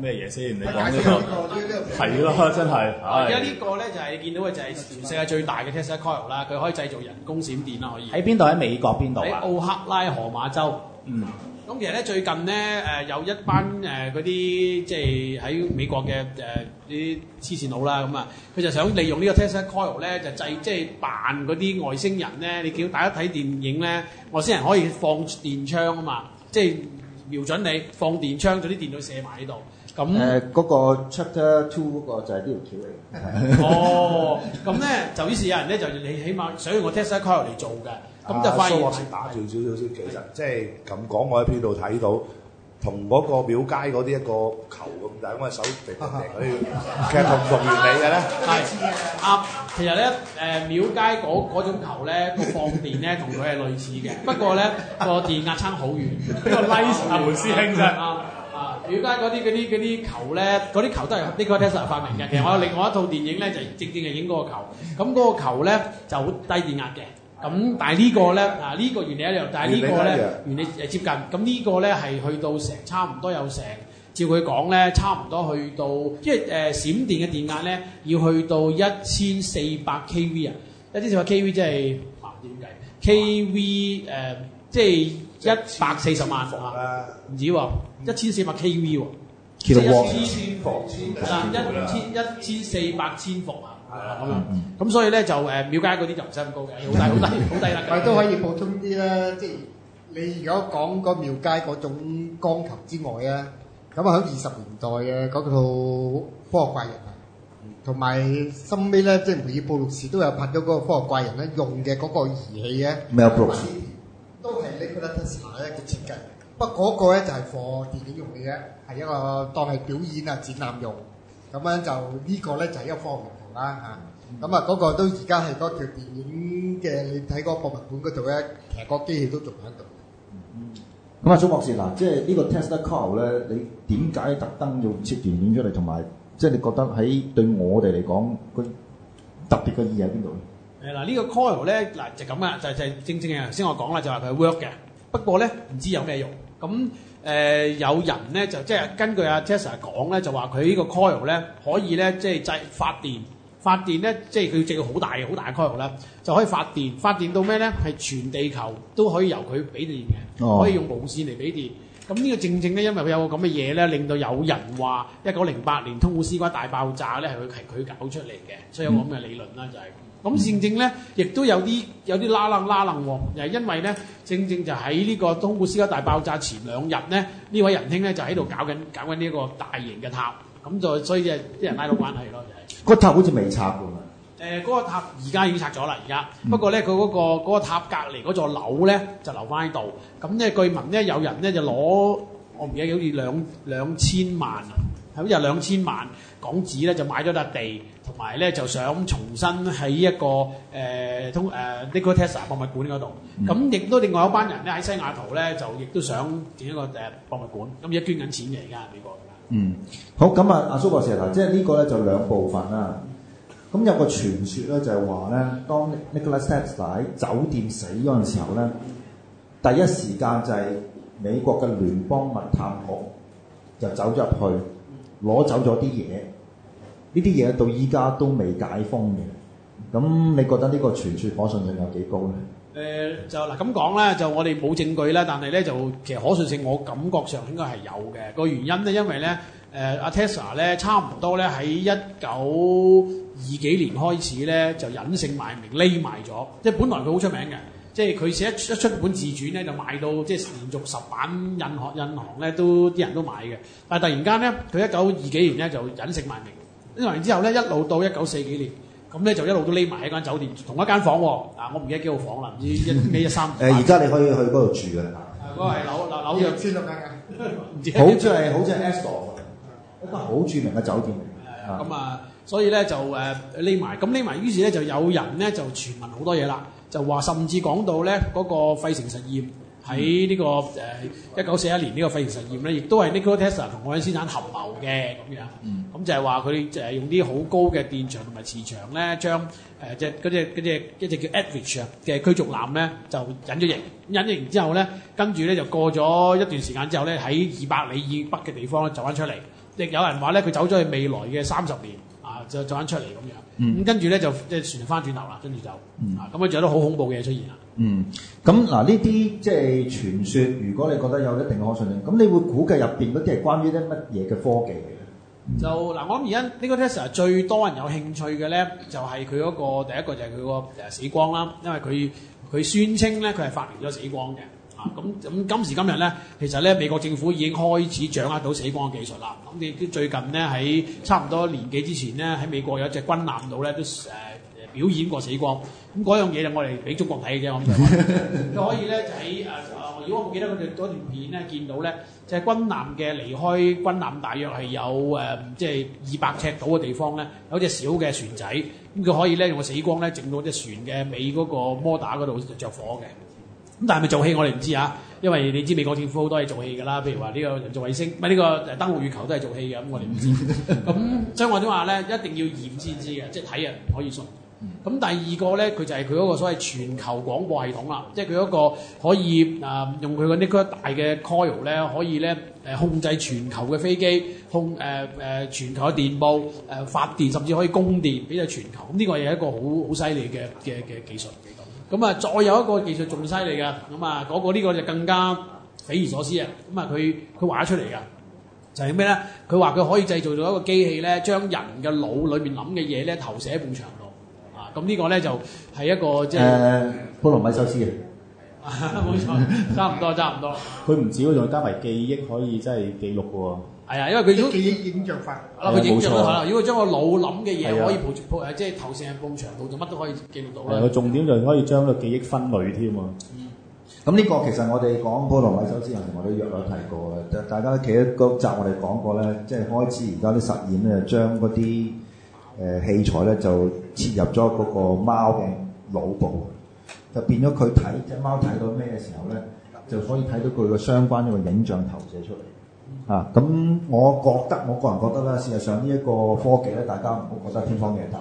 咩嘢先？你講呢個係咯，真係而家呢個咧就係你見到嘅就係全世界最大嘅 Tesla Coil 啦，佢可以製造人工閃電啦，可以喺邊度？喺美國邊度啊？喺奧克拉荷馬州。嗯。咁其實咧最近咧誒有一班誒嗰啲即係喺美國嘅誒啲黐線佬啦，咁啊佢就想利用呢個 Tesla Coil 咧就製即係扮嗰啲外星人咧。你見到大家睇電影咧，外星人可以放電槍啊嘛，即係瞄準你放電槍，將啲電腦射埋喺度。咁誒嗰個 chapter two 嗰個就係呢條橋嚟。哦，咁咧就於是有人咧就你起碼想用個 Tesla coil 嚟做嘅。咁就快現打住少少少，其實即係咁講我片，我喺邊度睇到同嗰個廟街嗰啲一個球咁大，我手停停停。其實同唔同原理㗎咧？係，啊，其實咧誒廟街嗰種球咧個放電咧同佢係類似嘅，不過咧，那個電壓差好遠。阿門師兄真係啊！而家嗰啲啲啲球咧，嗰啲球都係呢個 Tesla 發明嘅。其實我有另外一套電影咧，就係正正係影嗰個球。咁嗰個球咧就好低電壓嘅。咁但係呢個咧啊，呢個原理一樣。但係呢個咧，原理誒接近。咁呢個咧係去到成差唔多有成，照佢講咧差唔多去到，即係誒閃電嘅電壓咧要去到一千四百 KV 啊！一千四百 KV 即係啊點計？KV 誒即係。啊一百四十萬伏啊！唔止喎，一千四百 KV 喎，即一千伏，千、嗯，嗱一千一千四百千伏啊！咁樣、嗯，咁、啊嗯、所以咧就誒、呃、廟街嗰啲就唔使咁高嘅，好低好低好低啦。都可以普通啲啦，即、就、係、是、你如果講個廟街嗰種鋼球之外咧，咁啊喺二十年代嘅嗰套《那個、科學怪人》啊，同埋深尾咧，即係《恐怖錄事》都有拍咗個《科學怪人》咧，用嘅嗰個儀器咧，咪都係呢個 Tesla 咧嘅設計，不過嗰個咧就係放電影用嘅啫，係一個當係表演啊展覽用，咁樣就呢個咧就係一個科學用途啦嚇。咁啊嗰個都而家係嗰條電影嘅，你睇嗰個博物館嗰度咧其實個機器都仲喺度。咁啊，蘇博士嗱，即係呢個 Tesla Coil 咧，你點解特登要切段片出嚟，同埋即係你覺得喺對我哋嚟講，佢特別嘅意義喺邊度？誒嗱，個呢個 coil 咧，嗱就咁啦，就是、就是、正正誒頭先我講啦，就話、是、佢 work 嘅。不過咧，唔知有咩用咁誒？有人咧就即、是、係根據阿 Tesla 講咧，就話、是、佢呢個 coil 咧可以咧即係製發電發電咧，即係佢要用好大嘅好大嘅 coil 啦，就可以發電發電到咩咧？係全地球都可以由佢俾電嘅，可以用無線嚟俾電。咁呢、oh. 個正正咧，因為佢有個咁嘅嘢咧，令到有人話一九零八年通古斯瓜大爆炸咧係佢係佢搞出嚟嘅，mm. 所以有個咁嘅理論啦、就是，就係。咁正正咧，亦都有啲有啲拉楞拉楞喎，就係因為咧，正正就喺呢個東古斯加大爆炸前兩日咧，位人呢位仁兄咧就喺度搞緊搞緊呢一個大型嘅塔，咁就所以就啲人拉到關係咯，就係、是。個塔好似未拆㗎嘛？誒、呃，嗰、那個塔而家已經拆咗啦，而家、嗯、不過咧，佢嗰、那個那個塔隔離嗰座樓咧就留翻喺度。咁咧，據聞咧有人咧就攞我唔記得好似兩兩千萬啊，係咪就兩千萬港紙咧就買咗笪地。同埋咧就想重新喺一個誒通誒 Nikola Tesla 博物館嗰度。咁亦、嗯、都另外一班人咧喺西雅圖咧就亦都想建一個誒、呃、博物館，咁而家捐緊錢嘅而家美國在在嗯好。嗯，好咁啊，阿蘇博士啊，即係呢個咧就兩部分啦。咁有個傳說咧就係話咧，當 Nikola Tesla 喺酒店死嗰陣時候咧，嗯、第一時間就係美國嘅聯邦物探局就走咗入去攞走咗啲嘢。呢啲嘢到依家都未解封嘅，咁你覺得呢個傳説可信性有幾高呢？誒、呃、就嗱咁講呢，就我哋冇證據啦。但係呢，就其實可信性，我感覺上應該係有嘅。個原因呢，因為呢，誒、呃、阿 Tesla 呢，差唔多呢，喺一九二幾年開始呢，就隱姓埋名匿埋咗，即係本來佢好出名嘅，即係佢寫一出，一出，一出一本自傳呢，就賣到即係連續十版印行印行呢都啲人都買嘅，但係突然間呢，佢一九二幾年呢，就隱姓埋名。咁然之後咧，一路到一九四幾年，咁咧就一路都匿埋喺間酒店，同一間房喎。啊，我唔記得幾號房啦，唔知一、咩一三。誒，而家你可以去嗰度住噶啦。嗰個係紐紐約村咁樣嘅，好似係，好似係 s 一個好著名嘅酒店。咁啊，啊所以咧就誒匿埋，咁匿埋，於是咧就有人咧就傳聞好多嘢啦，就話甚至講到咧嗰個費城實驗。喺呢個誒一九四一年呢個費城實驗咧，亦都係 Nikola Tesla 同愛因斯坦合謀嘅咁樣。嗯。咁就係話佢誒用啲好高嘅電場同埋磁場咧，將誒隻嗰隻隻一隻叫 Edwin 嘅驅逐艦咧就引咗形。引咗形之後咧，跟住咧就過咗一段時間之後咧，喺二百里以北嘅地方咧走翻出嚟。亦有人話咧佢走咗去未來嘅三十年、嗯、啊，就走翻出嚟咁樣。咁跟住咧就即係船翻轉頭啦，跟住就嗯啊咁樣有啲好恐怖嘅嘢出現啦。嗯，咁嗱，呢啲即係傳說，如果你覺得有一定可信性，咁你會估計入邊嗰啲係關於啲乜嘢嘅科技嘅？就嗱，我諗而家呢個 Tesla 最多人有興趣嘅咧，就係佢嗰個第一個就係佢個誒死光啦，因為佢佢宣稱咧佢係發明咗死光嘅啊，咁咁今時今日咧，其實咧美國政府已經開始掌握到死光嘅技術啦。咁、啊、你最近咧喺差唔多年幾之前咧喺美國有一隻軍艦度咧都誒。啊表演過死光，咁嗰樣嘢就我哋俾中國睇嘅啫。佢 *laughs* 可以咧就喺誒，如果我記得佢哋嗰段片咧，見到咧，就係、是、軍艦嘅離開軍艦，大約係有誒，即係二百尺到嘅地方咧，有隻小嘅船仔。咁佢可以咧用個死光咧整到隻船嘅尾嗰個摩打嗰度着火嘅。咁但係咪做戲我哋唔知啊，因為你知美國政府好多係做戲㗎啦，譬如話呢個人造衛星，咪係呢個登陸月球都係做戲嘅。咁我哋唔知。咁 *laughs* 所以我都話咧，一定要驗先知嘅，即係睇啊唔可以信。咁、嗯、第二個咧，佢就係佢個所謂全球廣播系統啦。即係佢個可以啊、呃，用佢個呢個大嘅 coil 咧，可以咧誒、呃、控制全球嘅飛機控誒誒、呃呃、全球嘅電報誒、呃、發電，甚至可以供電俾曬全球。咁、嗯、呢、這個係一個好好犀利嘅嘅嘅技術嚟嘅。咁啊、嗯，再有一個技術仲犀利嘅咁啊，嗯那個呢個就更加匪夷所思啊！咁、嗯、啊，佢佢畫出嚟嘅就係咩咧？佢話佢可以製造咗一個機器咧，將人嘅腦裏面諗嘅嘢咧投射喺埲牆度。咁呢個咧就係一個即係，誒，普羅米修斯嘅，冇錯，差唔多， *laughs* 差唔多。佢唔 *laughs* 止，仲加埋記，記憶，記憶錯可以的即係記錄嘅喎。係啊，因為佢記憶影像化，啊，佢影像如果將個腦諗嘅嘢可以抱長，即係頭成日抱長度，就乜都可以記錄到啦。重點就可以將個記憶分類添啊。咁呢、嗯、個其實我哋講普羅米修斯，我哋約咗提過嘅，即大家企喺個集，我哋講過咧，即係開始而家啲實驗咧，將嗰啲誒器材咧就材呢。就切入咗嗰個貓嘅腦部，就變咗佢睇隻貓睇到咩嘅時候咧，就可以睇到佢個相關嘅影像投射出嚟。啊，咁、嗯、我覺得，我個人覺得咧，事實上呢一個科技咧，大家唔好覺得天方夜譚。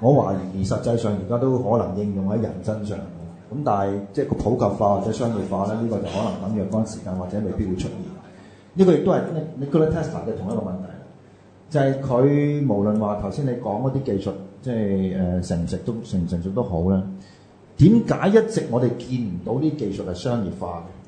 我懷疑而實際上而家都可能應用喺人身上嘅。咁但係即係個普及化或者商業化咧，呢、這個就可能等若干時間或者未必會出現。呢、這個亦都係你你個 Tesla 嘅同一個問題就係、是、佢無論話頭先你講嗰啲技術。即係誒，成都成都成成績都好啦，點解一直我哋見唔到啲技術係商業化嘅？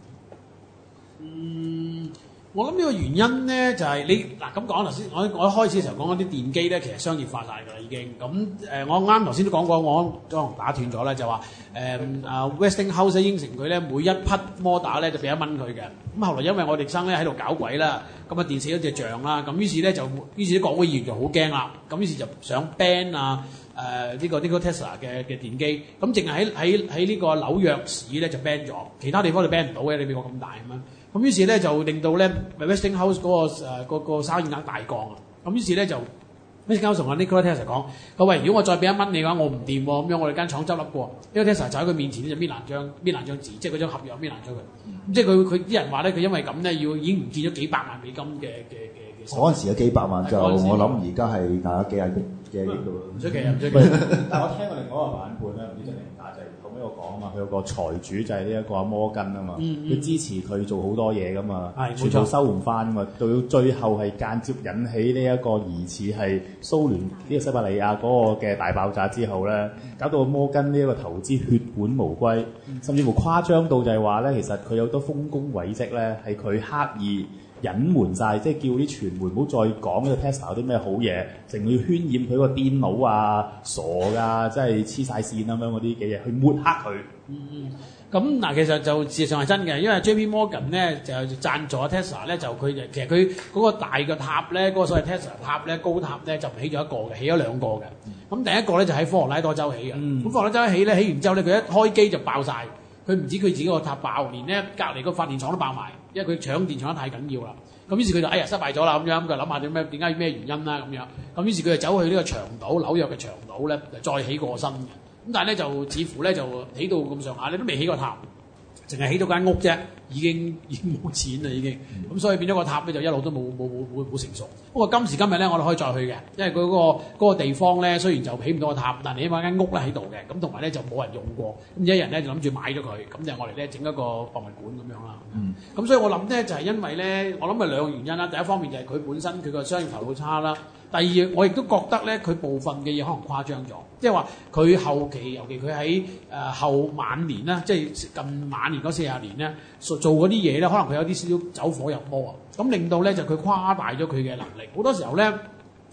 我諗呢個原因咧，就係、是、你嗱咁講頭先，我我一開始嘅時候講嗰啲電機咧，其實商業化晒㗎啦，已經咁誒、呃。我啱頭先都講過，我剛打斷咗咧，就話誒、呃、啊，Westinghouse 應承佢咧，每一匹摩打咧就俾一蚊佢嘅。咁後來因為愛迪生咧喺度搞鬼啦，咁啊電死咗隻象啦，咁於是咧就，於是啲國會議員就好驚啦，咁於是就想 ban 啊誒呢、呃這個 Tesla 嘅嘅電機，咁淨係喺喺喺呢個紐約市咧就 ban 咗，其他地方就 ban 唔到嘅，你美國咁大咁樣。咁於是咧就令到咧 Westinghouse 嗰個誒嗰個生意額大降啊！咁於是咧就 Westinghouse 同阿 Nikola Tesla 講：佢喂，如果我再俾一蚊你嘅話，我唔掂喎！咁樣我哋間廠執笠過。因為、mm. Tesla 就喺佢面前咧，就搣爛張搣爛張紙，即係嗰張合約搣爛咗佢。咁即係佢佢啲人話咧，佢因為咁咧，要已經唔見咗幾百萬美金嘅嘅嘅嘅。嗰陣時嘅幾百萬就我諗而家係廿幾億嘅 level 咯。唔出奇！唔出奇。但我聽過另外一個版本呢，唔知真定假就。講啊嘛，佢有個財主就係呢一個摩根啊嘛，佢、嗯嗯、支持佢做好多嘢噶嘛，啊、全部收唔翻啊嘛，冇錯、到最後係間接引起呢一個疑似係蘇聯呢個西伯利亞嗰個嘅大爆炸之後咧，嗯、搞到摩根呢一個投資血本無歸，嗯、甚至乎誇張到就係話咧，其實佢有好多豐功偉績咧，係佢刻意。隱瞞晒，即係叫啲傳媒唔好再講呢個 Tesla 有啲咩好嘢，淨要渲染佢個癲佬啊、傻㗎、啊，即係黐晒線咁樣嗰啲嘅嘢，去抹黑佢。嗯嗯，咁嗱，其實就事實上係真嘅，因為 J.P.Morgan 咧就贊助 Tesla 咧，就佢其實佢嗰個大嘅塔咧，嗰、嗰個所謂 Tesla 塔咧，高塔咧就起咗一個嘅，起咗兩個嘅。咁第一個咧就喺科羅拉多州起嘅。咁科羅拉多州起咧，起完之後咧，佢一開機就爆晒，佢唔止佢自己個塔爆，連咧隔籬個發電廠都爆埋。因為佢搶電搶得太緊要啦，咁於是佢就哎呀失敗咗啦咁樣，咁佢諗下點咩點解咩原因啦咁樣，咁於是佢就走去呢個長島紐約嘅長島咧，就再起過身嘅，咁但係咧就似乎咧就起到咁上下你都未起過塔。淨係起咗間屋啫，已經已經冇錢啦，已經咁、mm hmm. 所以變咗個塔咧就一路都冇冇冇冇成熟。不、那、過、個、今時今日咧，我哋可以再去嘅，因為佢、那、嗰、個那個地方咧雖然就起唔到個塔，但係起碼間屋咧喺度嘅，咁同埋咧就冇人用過，咁一人咧就諗住買咗佢，咁就我哋咧整一個博物館咁樣啦。咁、mm hmm. 所以我諗咧就係、是、因為咧，我諗咪兩個原因啦。第一方面就係佢本身佢個商業頭腦差啦。第二，我亦都覺得咧，佢部分嘅嘢可能誇張咗，即係話佢後期，尤其佢喺誒後晚年啦，即係近晚年嗰四十年咧，做嗰啲嘢咧，可能佢有啲少少走火入魔啊，咁令到咧就佢、是、誇大咗佢嘅能力。好多時候咧，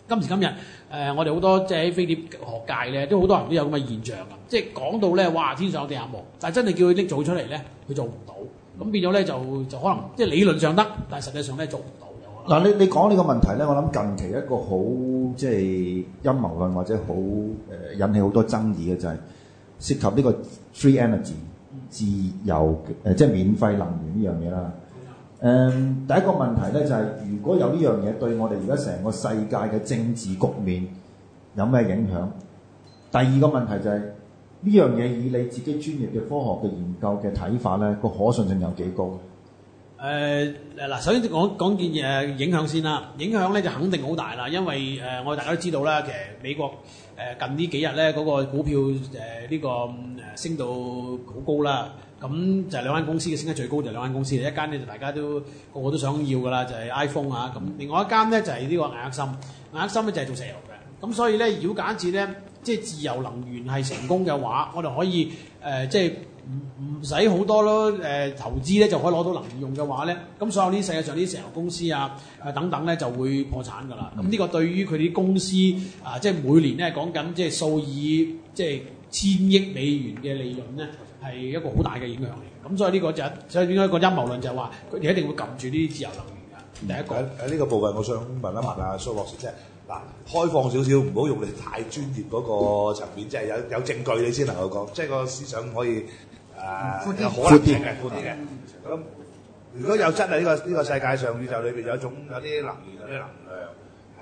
今時今日，誒、呃、我哋好多即係喺飛碟學界咧，都好多人都有咁嘅現象啊，即係講到咧，哇天上有地下無，但係真係叫佢拎做出嚟咧，佢做唔到，咁變咗咧就就可能即係理論上得，但係實際上咧做唔到。嗱，你你講呢個問題咧，我諗近期一個好即係陰謀論或者好誒、呃、引起好多爭議嘅就係涉及呢個 free energy 自由誒、呃、即係免費能源呢樣嘢啦。誒、嗯，第一個問題咧就係、是、如果有呢樣嘢對我哋而家成個世界嘅政治局面有咩影響？第二個問題就係呢樣嘢以你自己專業嘅科學嘅研究嘅睇法咧，個可信性有幾高？誒誒嗱，首先講講件誒影響先啦，影響咧就肯定好大啦，因為誒我哋大家都知道啦，其實美國誒近呢幾日咧嗰個股票誒呢個誒升到好高啦，咁就係兩間公司嘅升得最高就係兩間公司，一間咧就大家都個個都想要㗎啦，就係 iPhone 啊，咁另外一間咧就係呢個埃克森，埃克森咧就係做石油嘅，咁所以咧如果假設咧即係自由能源係成功嘅話，我哋可以誒即係。唔使好多咯，誒投資咧就可以攞到能源用嘅話咧，咁所有呢，世界上啲石油公司啊，誒等等咧就會破產㗎啦。咁呢、嗯、個對於佢啲公司、嗯、啊，即、就、係、是、每年咧講緊即係數以即係、就是、千億美元嘅利潤咧，係一個好大嘅影響。咁所以呢個就是、所以應該個陰謀論就係話佢哋一定會撳住呢啲自由能源嘅。第一個喺呢、嗯、個部分，我想問一問阿蘇洛士，即係嗱開放少少，唔好用你太專業嗰個層面，即、就、係、是、有有證據你先能夠講，即、就、係、是、個思想可以。誒，啊嗯、可能嘅，嘅。咁如果有真係，呢、這個呢、這個世界上宇宙裏邊有一種、嗯、有啲能源，有啲能量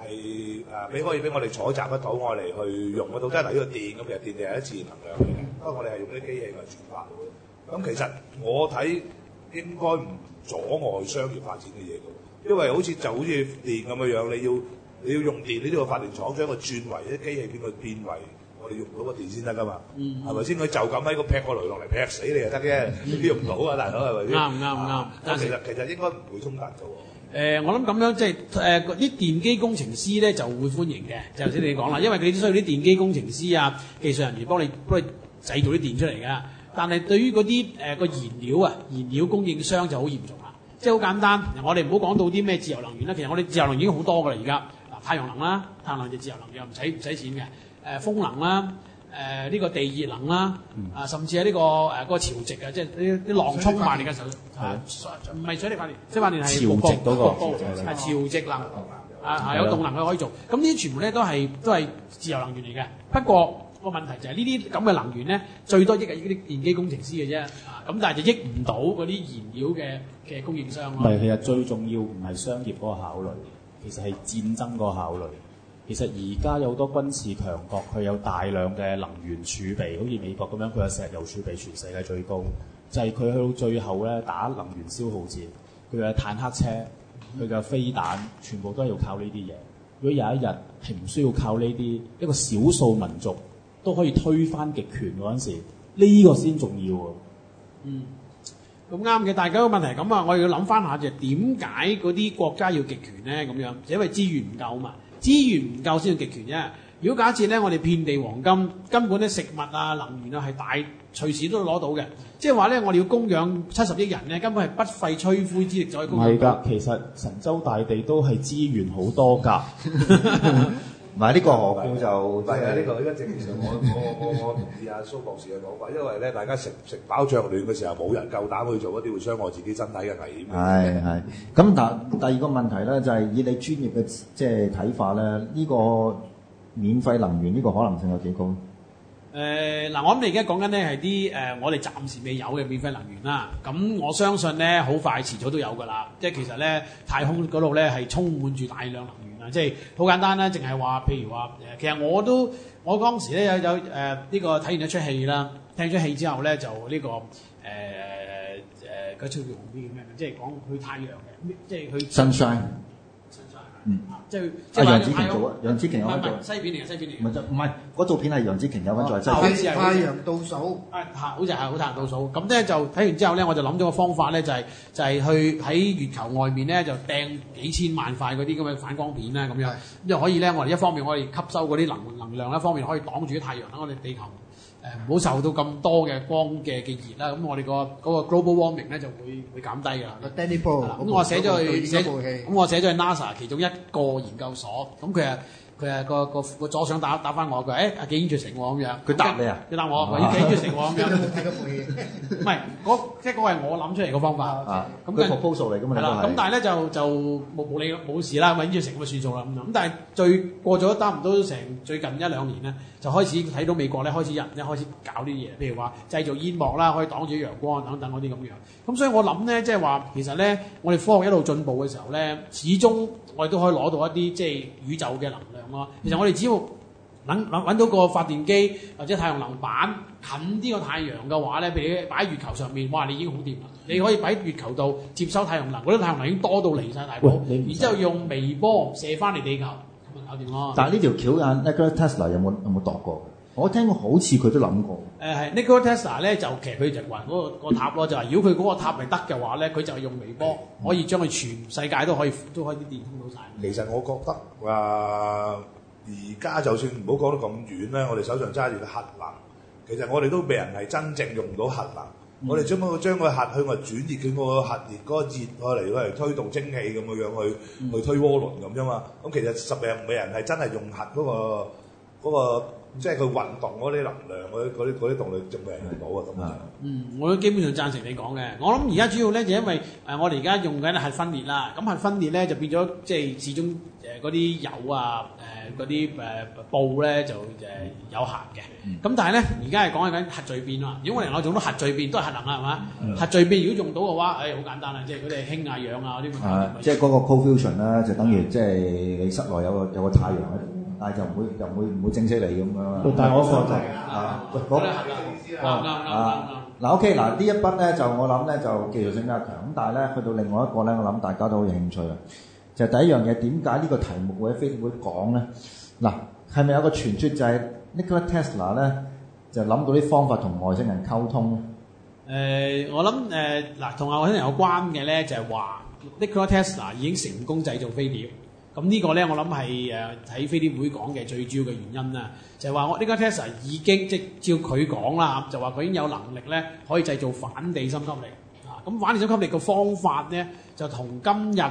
係誒，俾、啊、可以俾我哋採集得到，我嚟去用嘅。真係呢個電咁，其實電係一自然能量嚟嘅。不過我哋係用啲機器去轉化。咁其實我睇應該唔阻礙商業發展嘅嘢嘅，因為好似就好似電咁嘅樣，你要你要用電，你呢個發電廠將佢轉為啲機器，變佢變為。用到個電先得噶嘛，係咪先？佢就咁喺個劈個雷落嚟劈死你就得嘅，呢啲、嗯、用唔到啊，大佬係咪先？啱唔啱唔啱？但其實、嗯、其實應該唔會衝突嘅喎、呃。我諗咁樣即係誒啲電機工程師咧就會歡迎嘅，就頭先你講啦，因為佢只需要啲電機工程師啊技術人員幫你幫你製造啲電出嚟嘅。但係對於嗰啲誒個燃料啊燃料供應商就好嚴重啦，即係好簡單。我哋唔好講到啲咩自由能源啦，其實我哋自由能源已經好多㗎啦，而家嗱太陽能啦，太陽能，太陽能太陽就自由能源，唔使唔使錢嘅。誒風能啦，誒呢個地熱能啦，啊甚至係呢個誒嗰個潮汐啊，即係啲啲浪衝埋嚟嘅時候，唔係水力發電，水力發電係潮汐嗰個，潮汐能，啊有動能佢可以做，咁呢啲全部咧都係都係自由能源嚟嘅。不過個問題就係呢啲咁嘅能源咧，最多益係呢啲電機工程師嘅啫，咁但係就益唔到嗰啲燃料嘅嘅供應商咯。唔係，其實最重要唔係商業嗰個考慮，其實係戰爭個考慮。其實而家有好多軍事強國，佢有大量嘅能源儲備，好似美國咁樣，佢嘅石油儲備全世界最高。就係佢去到最後咧，打能源消耗戰，佢嘅坦克車、佢嘅飛彈，全部都係要靠呢啲嘢。如果有一日係唔需要靠呢啲，一個少數民族都可以推翻極權嗰陣時，呢個先重要啊！嗯，咁啱嘅。大家個問題咁啊，我又要諗翻下就係點解嗰啲國家要極權呢？咁樣因為資源唔夠嘛。資源唔夠先要極權啫。如果假設呢，我哋遍地黃金，根本呢食物啊、能源啊係大隨時都攞到嘅。即係話呢，我哋要供養七十億人呢，根本係不費吹灰之力就可以供養。唔係㗎，其實神州大地都係資源好多㗎。 *laughs* *laughs* 唔係呢個我估就？係啊！呢個一直其實我我我我同意阿蘇博士嘅講法，因為咧大家食食飽著暖嘅時候，冇人夠膽去做一啲會傷害自己身體嘅危險。係係。咁但第二個問題咧，就係以你專業嘅即係睇法咧，呢個免費能源呢個可能性有幾高咧？誒嗱，我諗你而家講緊咧係啲誒，我哋暫時未有嘅免費能源啦。咁我相信咧，好快遲早都有㗎啦。即係其實咧，太空嗰度咧係充滿住大量能源。即係好簡單啦，淨係話譬如話誒，其實我都我當時咧有有誒呢個睇完一出戲啦，聽咗出戲之後咧就呢個誒，誒嗰出叫啲咁樣，即係講去太陽嘅，即係去 Sunshine。嗯，即係阿楊紫瓊做啊，楊紫瓊我做西片嚟嘅西片嚟，唔係唔係，嗰套片係楊紫瓊有份在西。太陽倒數，啊嚇，好似係好太陽倒數。咁咧就睇完之後咧，我就諗咗個方法咧，就係就係去喺月球外面咧就掟幾千萬塊嗰啲咁嘅反光片啦，咁樣咁就可以咧，我哋一方面可以吸收嗰啲能能量，一方面可以擋住啲太陽喺我哋地球。誒，唔好受到咁多嘅光嘅嘅熱啦，咁我哋、個嗰個 global warming 咧就會會減低噶啦。㗎 Danny Pro,、嗯。咁我寫咗去，寫咗去 Global 寫、嗯、我寫咗去 NASA 其中一個研究所，咁佢啊。佢係個個個左上打打翻我，佢話：誒，阿幾掩住成喎咁樣。佢答你啊？佢答我。要掩住成喎咁樣。唔係，即係嗰個係我諗出嚟個方法。佢 proposal 嚟㗎嘛。係啦。咁但係咧就就冇冇理冇事啦，掩住成咁就算數啦咁咁但係最過咗一唔多成最近一兩年咧，就開始睇到美國咧開始人咧開始搞啲嘢，譬如話製造煙幕啦，可以擋住陽光等等嗰啲咁樣。咁所以我諗咧，即係話其實咧，我哋科學一路進步嘅時候咧，始終。我哋都可以攞到一啲即係宇宙嘅能量咯、啊。其實我哋只要揾揾揾到個發電機或者太陽能板近啲個太陽嘅話咧，譬如擺喺月球上面，哇！你已經好掂啦。嗯、你可以擺月球度接收太陽能，嗰啲太陽能已經多到離晒大哥。然之後用微波射翻嚟地球，咁咪搞掂咯。但係呢條橋眼，electric Tesla 有冇有冇度過？我聽過，好過，好似佢都諗過。誒係 Nikola Tesla 咧就騎佢就話嗰個塔咯，嗯、就話如果佢嗰個塔咪得嘅話咧，佢就係用微波、嗯、可以將佢全世界都可以都可以啲電通到晒。其實我覺得話，而、呃、家就算唔好講得咁遠咧，我哋手上揸住個核能，其實我哋都未人係真正用到核能。嗯、我哋將個將個核去我轉移佢個核熱嗰個熱我嚟攞嚟推動蒸汽咁嘅樣去、嗯、去推渦輪咁啫嘛。咁其實十成嘅人係真係用核嗰個嗰個。即係佢運動嗰啲能量，嗰啲嗰啲動力仲未人用到啊！咁啊，嗯，我都基本上贊成你講嘅。我諗而家主要咧就因為誒，我哋而家用緊核分裂啦。咁核分裂咧就變咗，即係始終誒嗰啲油啊、誒嗰啲誒布咧就誒有限嘅。咁但係咧，而家係講緊核聚變啊。如果我哋攞到核聚變，都係核能啊，係嘛？核聚變如果用到嘅話，誒好簡單啊，即係佢哋氫啊、氧啊嗰啲。係，即係嗰個 cold fusion 咧，就等於即係你室內有個有個太陽喺度。但係就唔會，就唔會，唔會正式嚟咁樣，但係我覺得就啊，嗱 OK，嗱呢一筆咧就我諗咧就技術性比較強。咁但係咧去到另外一個咧，我諗大家都好有興趣啦。就係第一樣嘢，點解呢個題目會喺飛碟會講咧？嗱，係咪有個傳説就係 Nikola Tesla 咧就諗到啲方法同外星人溝通？誒，我諗誒嗱，同外星人有關嘅咧就係話 Nikola Tesla 已經成功製造飛碟。咁呢個咧，我諗係誒睇飛利會員講嘅最主要嘅原因啦，就係話我呢個 Tesla 已經即照佢講啦，就話佢已經有能力咧可以製造反地心吸力。啊，咁反地心吸力嘅方法咧就同今日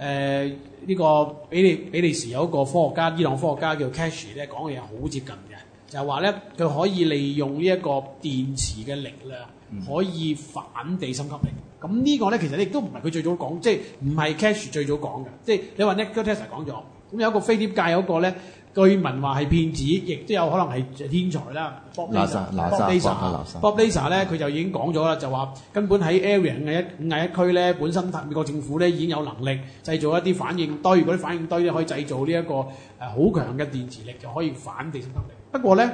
誒呢個比利比利時有一個科學家、伊朗科學家叫 Keshe 咧講嘅嘢好接近嘅，就係話咧佢可以利用呢一個電池嘅力量可以反地心吸力。咁呢個咧，其實亦都唔係佢最早講，即係唔係 cash 最早講嘅。即係你話 Nikola Tesla 講咗，咁、嗯、有一個飛碟界有一個咧，據聞話係騙子，亦都有可能係天才啦。Bob Lazar，Bob Lazar，Bob Lazar 咧，佢 Bob Laser, 就已經講咗啦，就話根本喺 Area 嘅一五亞一區咧，本身美國政府咧已經有能力製造一啲反應堆，如果啲反應堆咧可以製造呢一個誒好強嘅電磁力，就可以反地心吸力。不過咧，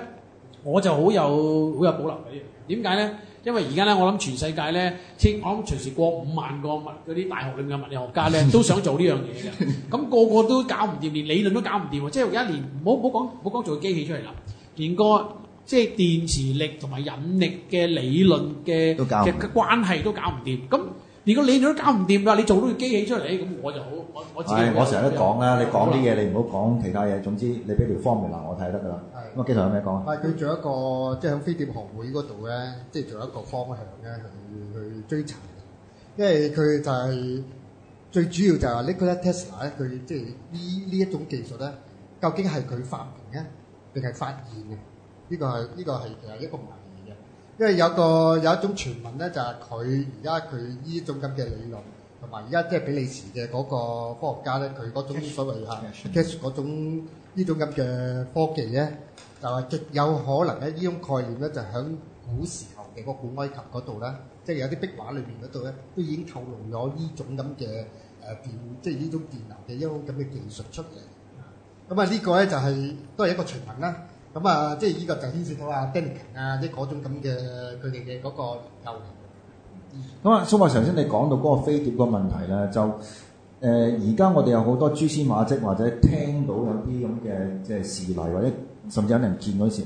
我就好有好有保留嘅。點解咧？因為而家咧，我諗全世界咧，千我諗隨時過五萬個物嗰啲大學 level 嘅物理學家咧，都想做呢樣嘢嘅，咁 *laughs* 個個都搞唔掂，連理論都搞唔掂喎，即係一年，唔好唔好講，唔好講做個機器出嚟啦，連個即係電磁力同埋引力嘅理論嘅嘅關係都搞唔掂，咁。如果你都搞唔掂啦，你做到個機器出嚟，咁我就好，我我的我成日都講啦的，你講啲嘢，你唔好講其他嘢。總之，你俾條方明嗱，我睇得㗎啦。咁啊的，紀陶有咩講啊？係佢做一個，即係響飛碟學會嗰度咧，即係做一個方向咧去去追尋。因為佢就係、是、最主要就係 Nikola Tesla 咧，佢即係呢呢一種技術咧，究竟係佢發明嘅，定係發現嘅？呢、這個係呢、這個係就係一個因為有個有一種傳聞咧，就係佢而家佢呢種咁嘅理論，同埋而家即係比利時嘅嗰個科學家咧，佢嗰種所謂嚇 cash 嗰種呢種咁嘅科技咧，就係極有可能咧，呢種概念咧就響古時候嘅嗰個古埃及嗰度咧，即係有啲壁畫裏面嗰度咧，都已經透露咗呢種咁嘅誒電，即係呢種電流嘅一種咁嘅技術出嚟。咁啊，呢個咧就係都係一個傳聞啦。咁啊，即係呢個就牽涉到啊 d 啊，即嗰種咁嘅佢哋嘅嗰個研究。咁啊，蘇華頭先你講到嗰個飛碟個問題咧，就誒而家我哋有好多蛛絲馬跡，或者聽到有啲咁嘅即係事例，或者甚至有人見嗰啲事。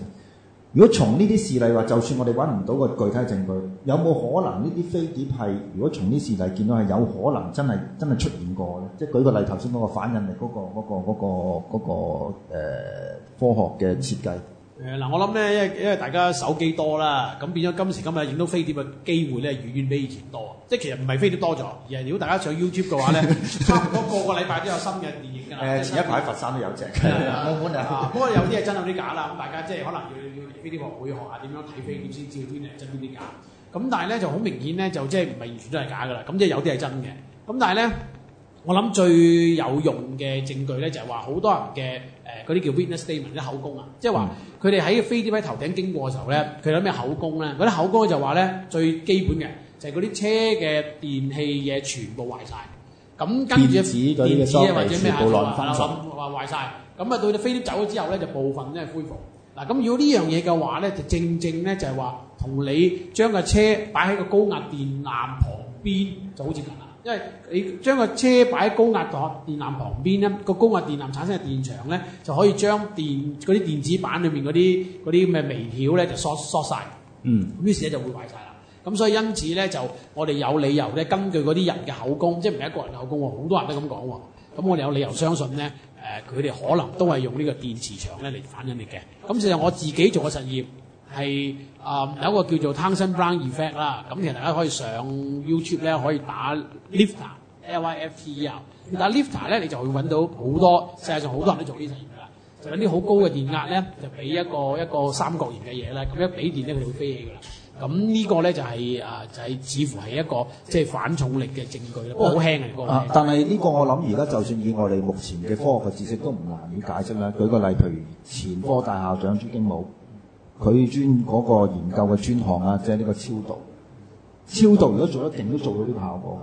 如果從呢啲事例話，就算我哋揾唔到個具體證據，有冇可能呢啲飛碟係如果從呢啲事例見到係有可能真係真係出現過咧？即、就、係、是、舉個例，頭先嗰個反引力嗰個嗰、嗰個嗰、嗰個嗰個那個呃科學嘅設計。誒嗱、呃，我諗咧，因為因為大家手機多啦，咁變咗今時今日影到飛碟嘅機會咧，遠遠比以前多。即係其實唔係飛碟多咗，而係如果大家上 YouTube 嘅話咧，差唔多過個個禮拜都有新嘅電影㗎啦。誒、呃，前一排佛山都有隻，澳門啊，不過是 *laughs* 有啲係真，有啲假啦。咁大家即係可能要要飛碟學會學下點樣睇飛碟先知邊啲係真，邊啲假。咁但係咧就好明顯咧，就即係唔係完全都係假㗎啦。咁即係有啲係真嘅。咁但係咧，我諗最有用嘅證據咧，就係話好多人嘅。嗰啲叫 witness statement，啲口供啊，即係話佢哋喺，飛碟喺頭頂經過嘅時候咧，佢有咩口供咧？啲口供就話咧，最基本嘅就係嗰啲車嘅電器嘢全部壞晒，咁跟住電子嗰啲嘢或者咩嘢啊，損或壞曬，咁啊到啲飛碟走咗之後咧，就部分咧恢復。嗱，咁如果呢樣嘢嘅話咧，就正正咧就係話同你將個車擺喺個高壓電纜旁邊就好似。因為你將個車擺喺高壓電纜旁邊咧，個高壓電纜產生嘅電場咧，就可以將電啲電子板裏面嗰啲啲咁微條咧就縮縮晒。嗯，於是咧就會壞晒啦。咁所以因此咧就我哋有理由咧，根據嗰啲人嘅口供，即係唔係一個人口供喎，好多人都咁講喎。咁我哋有理由相信咧，誒佢哋可能都係用呢個電磁場咧嚟反映你嘅。咁其實我自己做個實驗係。啊、嗯，有一個叫做 Townsend Brown Effect 啦，咁其實大家可以上 YouTube 咧，可以打 Lifter L Y F T 啊。但 Lifter 咧，你就會揾到好多，世界上好多人都做呢啲嘢噶啦。就揾啲好高嘅電壓咧，就俾一個一個三角形嘅嘢咧，咁一俾電咧，佢會飛起噶啦。咁呢個咧就係啊，就係、是呃就是、似乎係一個即係、就是、反重力嘅證據啦。不過好輕嘅個輕。啊，但係呢個我諗而家就算以我哋目前嘅科學嘅知識都唔難以解釋啦。舉個例，譬如前科大校長朱經武。佢專嗰、那個研究嘅專項啊，即係呢個超導。超導如果做得，一定都做到呢個效果。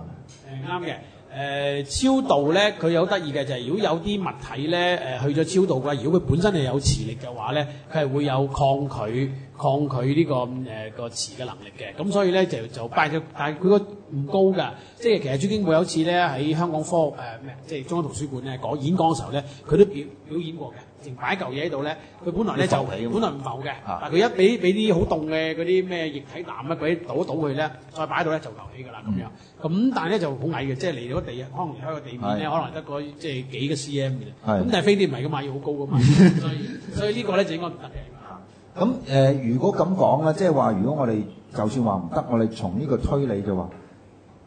誒啱嘅。誒、呃、超導咧，佢有得意嘅就係、是、如果有啲物體咧誒、呃、去咗超導嘅話，如果佢本身係有磁力嘅話咧，佢係會有抗拒抗拒呢、這個誒個、呃、磁嘅能力嘅。咁所以咧就就拜咗，但係佢個唔高㗎。即係其實朱經武有一次咧喺香港科誒咩、呃，即係中央圖書館咧講演講嘅時候咧，佢都表表演過嘅。成擺嚿嘢喺度咧，佢本來咧就本來唔浮嘅，啊、但佢一俾俾啲好凍嘅嗰啲咩液體氮乜鬼倒一倒佢咧，再擺到咧就浮起噶啦咁樣。咁但係咧就好矮嘅，即係嚟到地，可能嚟到個地面咧，可能得個即係幾個 CM 嘅啫是。咁但係飛碟唔係咁咪要好高噶嘛，的所以 *laughs* 所以呢個咧就應該唔得嘅嚇。咁誒、呃，如果咁講咧，即係話如果我哋就算話唔得，我哋從呢個推理就話。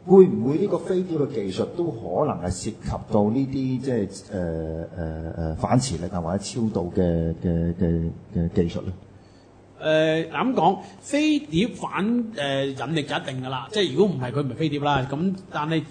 會唔會呢個飛碟嘅技術都可能係涉及到呢啲即係誒誒誒反磁力呀或者超導嘅嘅嘅嘅技術咧？誒咁講飛碟反誒、呃、引力就一定噶啦，即係如果唔係佢唔係飛碟啦。咁但係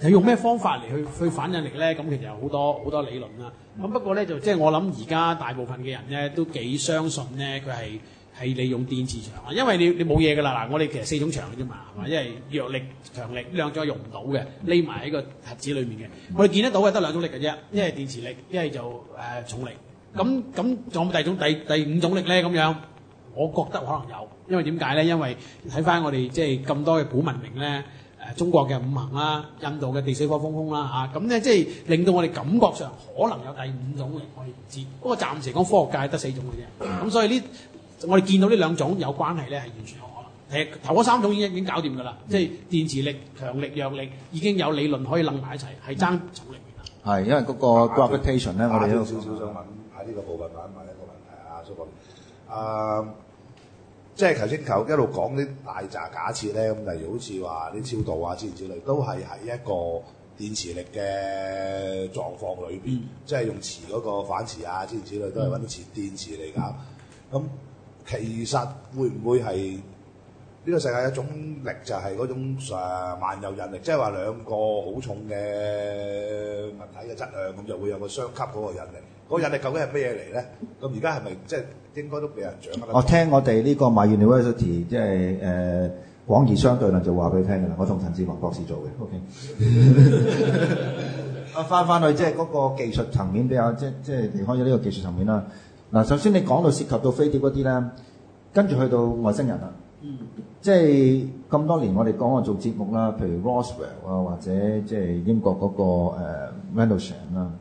係用咩方法嚟去去反引力咧？咁其實有好多好多理論啦。咁不過咧就即係我諗而家大部分嘅人咧都幾相信咧佢係。係利用電磁場，因為你你冇嘢㗎啦嗱。我哋其實四種場嘅啫嘛，係嘛？因為弱力、強力兩種係用唔到嘅，匿埋喺個盒子裡面嘅。我哋見得到嘅得兩種力嘅啫，一係電磁力，一係就誒重力。咁咁仲有冇第種、第第五種力咧？咁樣，我覺得可能有，因為點解咧？因為睇翻我哋即係咁多嘅古文明咧，誒中國嘅五行啦，印度嘅地水火風空啦嚇，咁咧即係令到我哋感覺上可能有第五種力，我哋唔知。不過暫時講科學界得四種嘅啫，咁所以呢？我哋見到呢兩種有關係咧，係完全可能。誒頭嗰三種已經已經搞掂㗎啦，嗯、即係電磁力強力弱力已經有理論可以撚埋一齊，係爭重力。係因為嗰個 gravitation 咧着，着我哋都有少少想問喺呢、啊、個部分問一問一個問題問、呃、講啊，蘇博士啊，即係頭先求一路講啲大雜假設咧，咁例如好似話啲超導啊之前之類，都係喺一個電磁力嘅狀況裏邊，嗯、即係用磁嗰個反磁啊之前之類，都係揾磁電磁嚟搞咁。嗯嗯嗯嗯其實會唔會係呢、這個世界有種力就係嗰種誒萬有引力，即係話兩個好重嘅物體嘅質量，咁就會有個相級嗰個引力。嗰、那個引力究竟係咩嘢嚟咧？咁而家係咪即係應該都俾人掌握？我聽我哋呢個 My University，即係誒廣義相對論就話俾你聽㗎啦。我同陳志宏博，博士做嘅。OK，我翻返去即係嗰個技術層面比較，即即係離開咗呢個技術層面啦。嗱，首先你講到涉及到飛碟嗰啲咧，跟住去到外星人啦，嗯，即係咁多年我哋講過做節目啦，譬如 Roswell 啊，或者即係英國嗰個誒 Rendlesham 啦，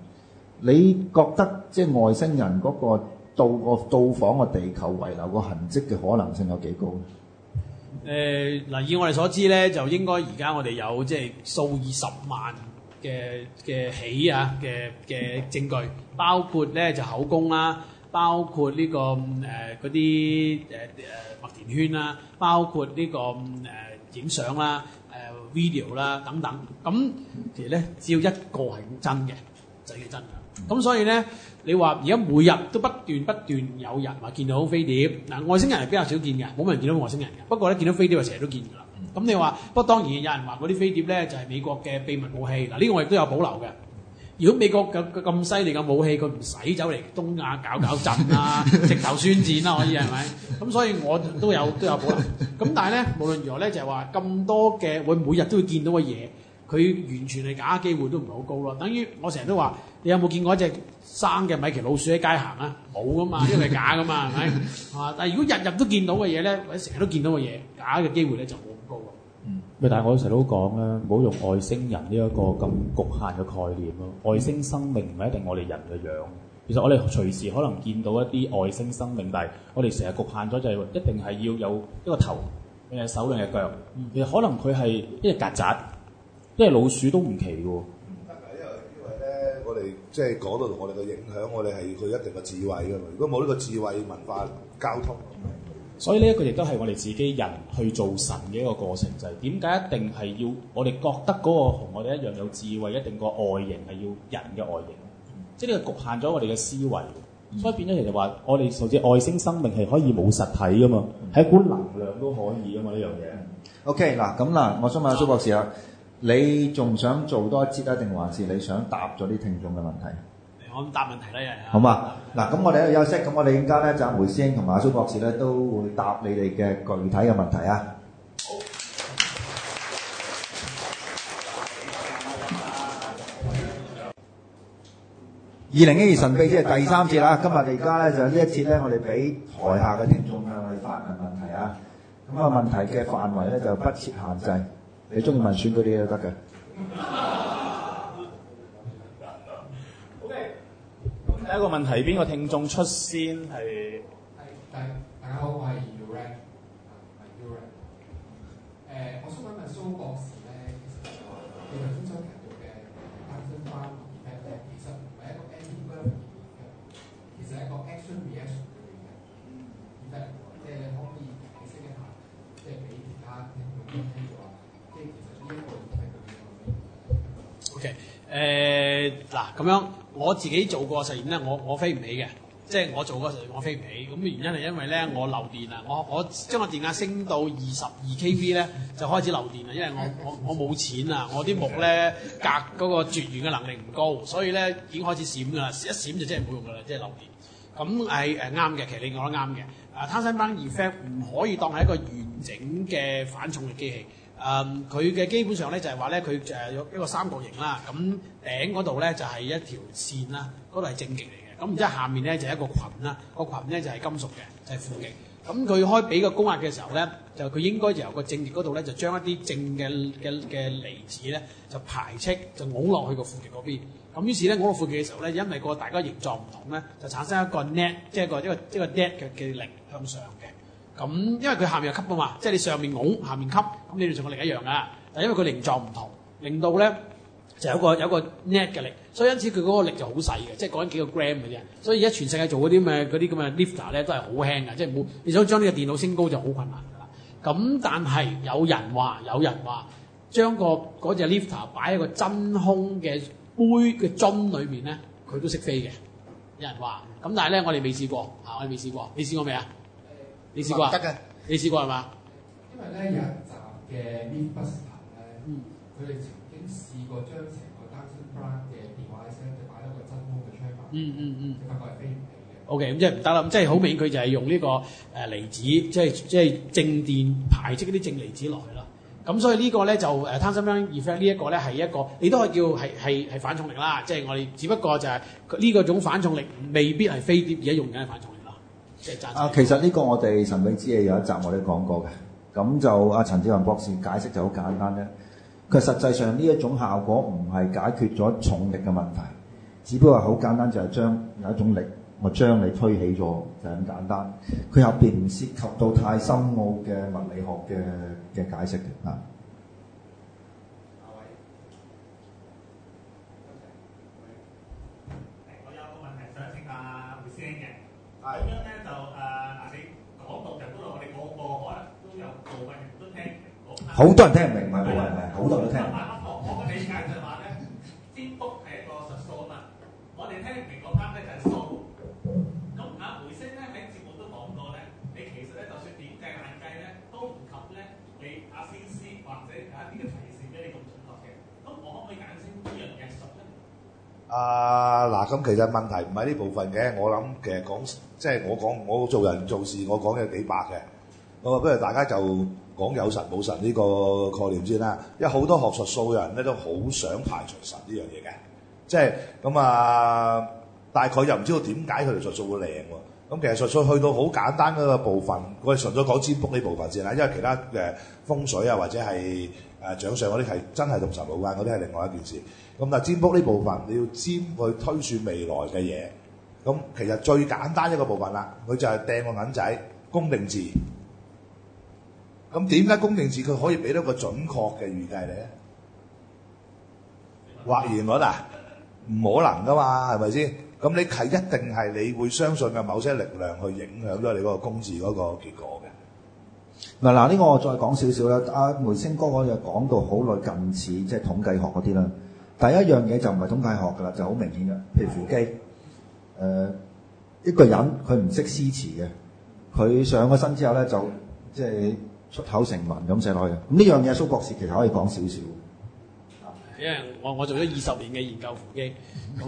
你覺得即係外星人嗰個到個到訪個地球遺留個痕跡嘅可能性有幾高咧？誒，嗱，以我哋所知咧，就應該而家我哋有即係數以十萬嘅嘅起啊嘅嘅證據，包括咧就口供啦。包括呢個誒嗰啲誒誒麥田圈啦，包括呢個誒影相啦、誒 video 啦等等，咁其實咧，只要一個係咁真嘅，就係真嘅。咁所以咧，你話而家每日都不斷不斷有人話見到飛碟，嗱，外星人係比較少見嘅，冇人見到外星人嘅。不過咧，見到飛碟話成日都見㗎啦。咁你話，不過當然有人話嗰啲飛碟咧就係美國嘅秘密武器嗱，呢個我亦都有保留嘅。如果美國咁咁犀利嘅武器，佢唔使走嚟東亞搞搞震啦、啊， *laughs* 直頭宣戰啦、啊，可以係咪？咁所以我都有都有可能。咁但係咧，無論如何咧，就係話咁多嘅，會每日都會見到嘅嘢，佢完全係假嘅機會都唔係好高咯。等於我成日都話，你有冇見過一隻生嘅米奇老鼠喺街行啊？冇噶嘛，因為係假噶嘛，係咪？啊！ *laughs* 但係如果日日都見到嘅嘢咧，或者成日都見到嘅嘢，假嘅機會咧就～咪、嗯、但係我成日都講啦，唔好用外星人呢一個咁局限嘅概念咯。外星生命唔係一定我哋人嘅樣，其實我哋隨時可能見到一啲外星生命，但係我哋成日局限咗就係、是、一定係要有一個頭誒手兩隻腳。其實可能佢係一隻曱甴，一隻老鼠都唔奇嘅喎。嗯、因為因為咧，我哋即係講到同我哋嘅影響，我哋係要佢一定嘅智慧嘅嘛。如果冇呢個智慧文化交通。嗯所以呢一個亦都係我哋自己人去做神嘅一個過程，就係點解一定係要我哋覺得嗰個同我哋一樣有智慧，一定個外形係要人嘅外形，即係呢個局限咗我哋嘅思維。所以變咗其實話，我哋甚至外星生命係可以冇實體噶嘛，係一股能量都可以噶嘛，呢樣嘢。OK，嗱咁嗱，我想問蘇博士啊，你仲想做多一節啊，定還是你想答咗啲聽眾嘅問題？我咁答問題咧，係啊。好嘛，嗱，咁我哋休息，咁我哋而家咧就阿梅師兄同阿蘇博士咧都會答你哋嘅具體嘅問題啊。好。二零一二神秘之夜第三節啦，今日我哋而家咧就呢一節咧，我哋俾台下嘅聽眾咧，我哋發問問題啊。咁啊，問題嘅範圍咧就不設限制，你中意問選嗰啲都得嘅。第一個問題係邊個聽眾出先係？係大大家好，我係 Uran。誒，我想問問蘇博士咧，你頭先所提到嘅 action plan 同 event，其實唔係一個 ending level 嘅嘢嘅，其實係一個 action reaction 嘅嘢嘅，嗯，得唔得？即係可以解釋一下，即係俾其他聽眾都聽清楚啊嘛。即係其實呢邊冇睇到邊個邊。OK，誒嗱咁樣。我自己做過實驗咧，我我飛唔起嘅，即係我做過實驗，我飛唔起。咁原因係因為咧，我漏電啦。我我將個電壓升到二十二 kV 咧，就開始漏電啦。因為我我我冇錢啊，我啲木咧隔嗰個絕緣嘅能力唔高，所以咧已經開始閃噶啦。一閃就真係冇用噶啦，即係漏電。咁係誒啱嘅，其實你講得啱嘅。誒、啊、Tesla Effect 唔可以當係一個完整嘅反重嘅機器。誒，佢嘅基本上咧就係話咧，佢誒有一個三角形啦，咁頂嗰度咧就係一條線啦，嗰度係正極嚟嘅，咁然之後下面咧就係一個群啦，個群咧就係金屬嘅，就係、是、負極。咁、嗯、佢開俾個高壓嘅時候咧，就佢應該由個正極嗰度咧就將一啲正嘅嘅嘅離子咧就排斥就攞落去個負極嗰邊。咁於是咧攞個負極嘅時候咧，因為個大家形狀唔同咧，就產生一個 net 即係一個一個一個 net 嘅嘅力向上嘅。咁因為佢下面有吸啊嘛，即係你上面拱，下面吸，咁你條上個力一樣噶。但係因為佢形狀唔同，令到咧就有個有個 net 嘅力，所以因此佢嗰個力就好細嘅，即係講緊幾個 gram 嘅啫。所以而家全世界做嗰啲咩，嗰啲咁嘅 lifter 咧都係好輕嘅，即係冇你想將呢個電腦升高就好困難㗎啦。咁但係有人話，有人話將個嗰隻 lifter 擺喺個真空嘅杯嘅樽裏面咧，佢都識飛嘅。有人話，咁但係咧我哋未試過，嚇、啊、我哋未試過，未試過未啊？你試過啊？得嘅行， *laughs* 你試過係嘛？因為咧，有一集嘅 MythBusters 佢哋、嗯、曾經試過將成個 Townsend Brown 嘅電話聲擺喺個真空嘅窗度，嗯嗯嗯，感覺係飛唔嚟嘅。O K，咁即係唔得啦。咁即係好明顯，佢就係用呢個誒離子，嗯、即係即係正電排斥嗰啲正離子落去啦。咁所以個呢、啊、心個咧就誒 Townsend Brown effect 呢一個咧係一個，你都可以叫係係係反重力啦。即、就、係、是、我哋只不過就係呢個種反重力未必係飛碟而家用緊反重力。啊，其實呢個我哋《神秘之夜》有一集我哋講過嘅，咁就阿陳志雲博士解釋就好簡單咧。佢實際上呢一種效果唔係解決咗重力嘅問題，只不過好簡單就係將有一種力，我、就是、將你推起咗就係、是、咁簡單。佢入邊唔涉及到太深奧嘅物理學嘅嘅解釋嘅啊。Okay. Okay. Hey, 我有個問題想請下胡師兄嘅，係。好多人聽唔明，唔係唔係好多人都聽唔明。我嘅理解就話咧，占卜係一個實數啊嘛。我哋聽蘋果班咧就係數。咁阿梅星咧喺節目都講過咧，你其實咧、嗯、就，就算點計硬計咧，都唔及咧你阿先師或者有一啲提示咧咁準確嘅。咁我可唔可以減輕呢樣嘅數咧？啊嗱、呃，咁其實問題唔喺呢部分嘅。我諗其實講即係、就是、我講我做人做事，我講嘅幾白嘅。咁啊，不如大家就～講有神冇神呢個概念先啦，因為好多學術數嘅人咧都好想排除神呢樣嘢嘅，即係咁啊，大概又唔知道點解佢哋術數會靈喎。咁其實術數去到好簡單嗰個部分，我哋純粹講占卜呢部分先啦，因為其他誒風水啊或者係誒掌相嗰啲係真係同神冇關，嗰啲係另外一件事。咁但係占卜呢部分，你要占去推算未來嘅嘢，咁其實最簡單一個部分啦，佢就係掟個銀仔，公定字。咁點解公定字佢可以俾到個準確嘅預計咧？或然率啊，唔可能噶嘛，係咪先？咁你係一定係你會相信嘅某些力量去影響咗你嗰個公字嗰個結果嘅。嗱嗱，呢個我再講少少啦。阿梅星哥我又講到好耐近似，即係統計學嗰啲啦。第一樣嘢就唔係統計學噶啦，就好明顯嘅，譬如扶乩誒一個人佢唔識詩詞嘅，佢上咗身之後咧就即係。出口成文咁寫落去嘅，咁呢樣嘢蘇博士其實可以講少少。因為我我做咗二十年嘅研究扶乩，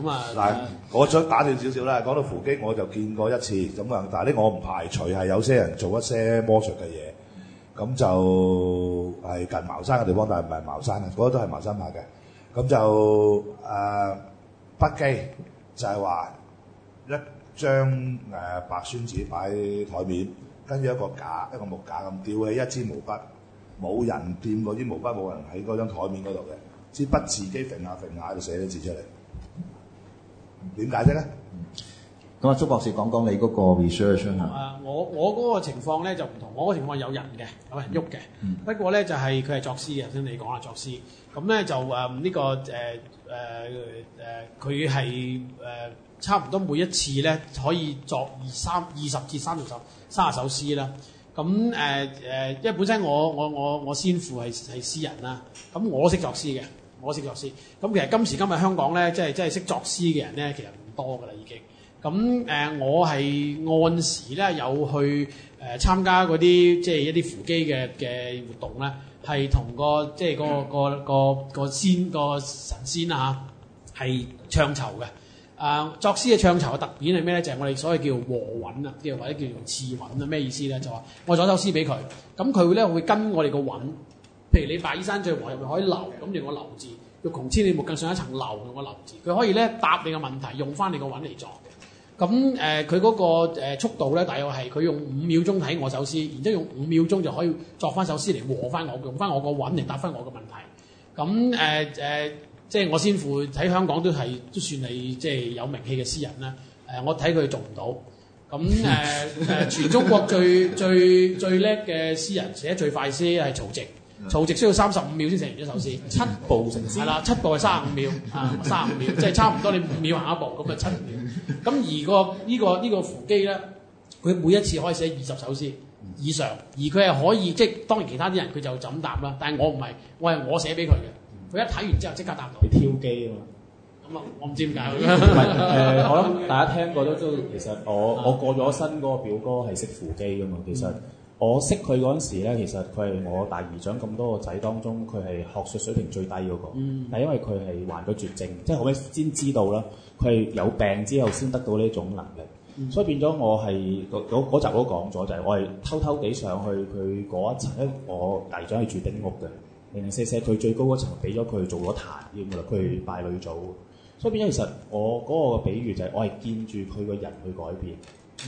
咁 *laughs* 啊，嗱， *laughs* 我想打斷少少啦。講到扶乩，我就見過一次。咁啊，但係呢，我唔排除係有些人做一些魔術嘅嘢。咁就係近茅山嘅地方，但係唔係茅山嘅，嗰、嗰個、都係茅山派嘅。咁就誒筆記就係話一張誒白宣紙擺台面。跟住一個架，一個木架咁吊起一支毛筆，冇人掂嗰支毛筆，冇人喺嗰張台面嗰度嘅，支筆自己揈下揈下就度寫咗字出嚟，點解釋咧？咁啊、嗯，蘇博士講講你嗰個 research 啊、嗯。我我嗰個情況咧就唔同，我嗰情況有人嘅，有人喐嘅，嗯、不過咧就係佢係作詩嘅，頭先你講啦，作詩咁咧就誒呢、嗯這個誒誒誒，佢係誒差唔多每一次咧可以作二三二十至三十。三首詩啦，咁誒誒，因為本身我我我我先父係係詩人啦，咁我識作詩嘅，我識作詩。咁其實今時今日香港咧，即係即係識作詩嘅人咧，其實唔多噶啦，已經。咁誒、呃，我係按時咧有去誒、呃、參加嗰啲即係一啲扶乩嘅嘅活動咧，係同個即係個個個個仙個神仙啊，係唱酬嘅。誒、uh, 作詩嘅唱酬嘅特點係咩咧？就係、是、我哋所謂叫和韻啊，即係或者叫做次韻啊，咩意思咧？就話我寫首詩俾佢，咁佢咧會跟我哋個韻，譬如你白依山盡，黃入面可以流，咁住我流字，欲窮千里目，更上一層樓用個流字，佢可以咧答你個問題，用翻你個韻嚟作。咁誒佢嗰個、呃、速度咧，大約係佢用五秒鐘睇我首詩，然之後用五秒鐘就可以作翻首詩嚟和翻我，用翻我個韻嚟答翻我個問題。咁誒誒。呃呃呃即係我先父，喺香港都係都算係即係有名氣嘅詩人啦。誒、呃，我睇佢做唔到。咁誒誒，全中國最 *laughs* 最 *laughs* 最叻嘅詩人寫最快詩係曹植。曹植需要三十五秒先寫完一首詩， *laughs* 七步成詩。係啦， *laughs* 七步係三十五秒，三十五秒即係差唔多你五秒行一步咁啊七秒。咁而、這個、這個這個、呢個呢個扶乩咧，佢每一次可以寫二十首詩以上，而佢係可以即係當然其他啲人佢就怎答啦，但係我唔係，我係我寫俾佢嘅。佢一睇完之後即刻答到，你挑機啊嘛？咁啊、嗯，我唔知點解。唔係、 *laughs* *laughs* 呃、我諗大家聽過都都，其實我 *laughs* 我過咗身嗰個表哥係識扶機噶嘛。其實我識佢嗰陣時咧，其實佢係我大姨丈咁多個仔當中，佢係學術水平最低嗰個。但係、嗯、因為佢係患咗絕症，即係後尾先知道啦。佢係有病之後先得到呢一種能力，嗯、所以變咗我係嗰集都講咗，就係我係偷偷哋上去佢嗰一層，因為我大姨丈係住丁屋嘅。零零四舍，佢最高嗰層俾咗佢做咗壇添㗎啦，佢拜女祖。所以變咗，其實我嗰、那個比喻就係我係見住佢個人去改變。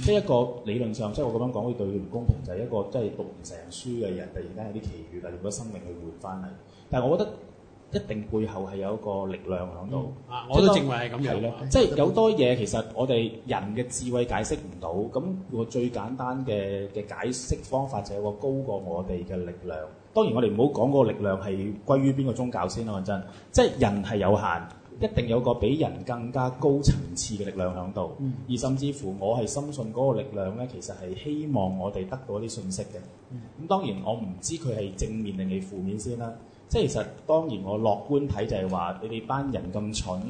即係、嗯、一個理論上，即、就、係、是、我咁樣講，對佢唔公平，就係一個即係讀唔成書嘅人，突然間有啲奇遇，利用咗生命去換翻嚟。但係我覺得一定背後係有一個力量響度。啊、嗯，以我都認為係咁樣。係咯，即係有多嘢，其實我哋人嘅智慧解釋唔到。咁我最簡單嘅嘅解釋方法就係個高過我哋嘅力量。當然我哋唔好講個力量係歸於邊個宗教先啦、啊，講真，即係人係有限，一定有個比人更加高層次嘅力量喺度，嗯、而甚至乎我係深信嗰個力量呢，其實係希望我哋得到啲信息嘅。咁、嗯、當然我唔知佢係正面定係負面先啦、啊。即係其實當然我樂觀睇就係話，你哋班人咁蠢。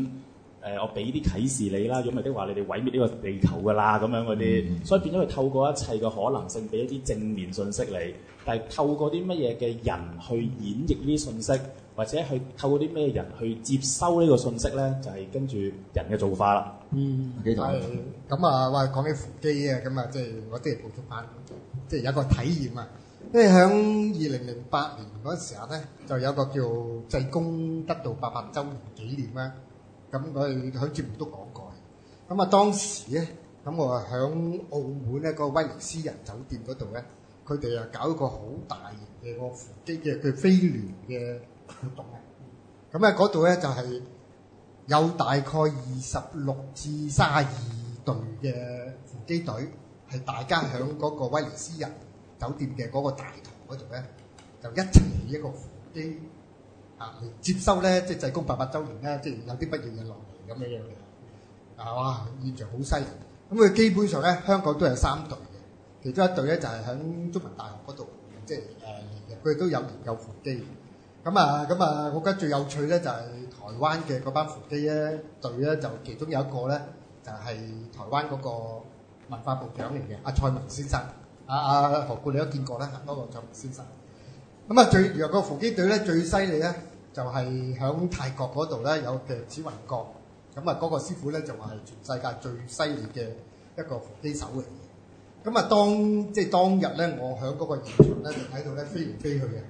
誒、呃，我俾啲啟示你啦，咁咪的話，你哋毀滅呢個地球噶啦，咁樣嗰啲。嗯、所以變咗佢透過一切嘅可能性，俾一啲正面信息你。但係透過啲乜嘢嘅人去演繹呢啲信息，或者去透過啲咩人去接收呢個信息咧，就係跟住人嘅做法啦。嗯，幾好。係，咁啊，話講起伏機啊，咁啊，即係我即係補足翻，即係有一個體驗啊。因為響二零零八年嗰陣時啊，咧就有一個叫濟公得道八百周年紀念啦。咁我喺節目都講過，咁啊當時咧，咁我係喺澳門咧個，個威尼斯人酒店嗰度咧，佢哋啊搞一個好大型嘅個扶乩嘅，佢飛聯嘅活動，咁啊嗰度咧就係有大概二十六至卅二隊嘅扶乩隊，係大家喺嗰個威尼斯人酒店嘅嗰個大堂嗰度咧，就一齊起一個扶乩。接收咧，即係濟公八百周年咧，即係有啲乜嘢嘅落嚟咁樣樣嘅，啊哇！現場好犀利，咁、嗯、佢基本上咧，香港都有三隊嘅，其中一隊咧就係、是、響中文大學嗰度，即係誒嚟嘅，佢、嗯、都有研究扶乩嘅。咁、嗯、啊，咁、嗯、啊、嗯，我覺得最有趣咧就係台灣嘅嗰班扶乩咧隊咧，就其中有一個咧就係、是、台灣嗰個文化部長嚟嘅阿蔡文先生，阿、啊、阿、啊、何故你都見過咧？多、那個、蔡文先生。咁、嗯、啊，最如果個扶乩隊咧最犀利咧。就係喺泰國嗰度咧，有嘅紫雲閣，咁啊嗰個師傅咧就話係全世界最犀利嘅一個扶乩手嚟嘅。咁啊當即係當日咧，我喺嗰個現場咧就睇到咧飛嚟飛去嘅，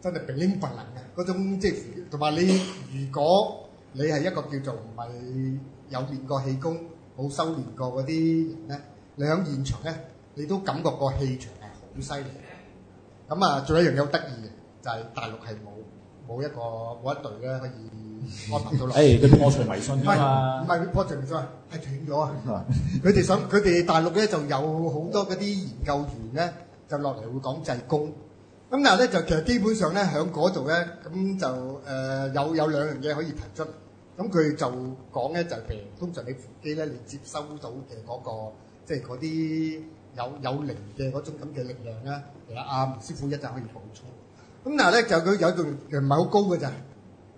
真係並靦不羈嘅嗰種，即係同埋你，如果你係一個叫做唔係有練過氣功、冇修練過嗰啲人咧，你喺現場咧，你都感覺個氣場係好犀利。咁啊，最一樣有得意嘅就係大陸係冇，冇一個冇一隊咧可以安達到落嚟。誒，佢破除迷信㗎嘛？唔係佢破除迷信，係斷咗啊！佢哋想佢哋大陸咧就有好多嗰啲研究員咧，就落嚟會講濟公。咁但係咧就其實基本上咧喺嗰度咧，咁就誒有有兩樣嘢可以提出。咁佢就講咧就譬如，通常你扶乩咧你接收到嘅嗰個即係嗰啲有有靈嘅嗰種咁嘅力量咧，阿阿師傅一陣可以補充。咁嗱咧就佢有一度又唔係好高嘅啫，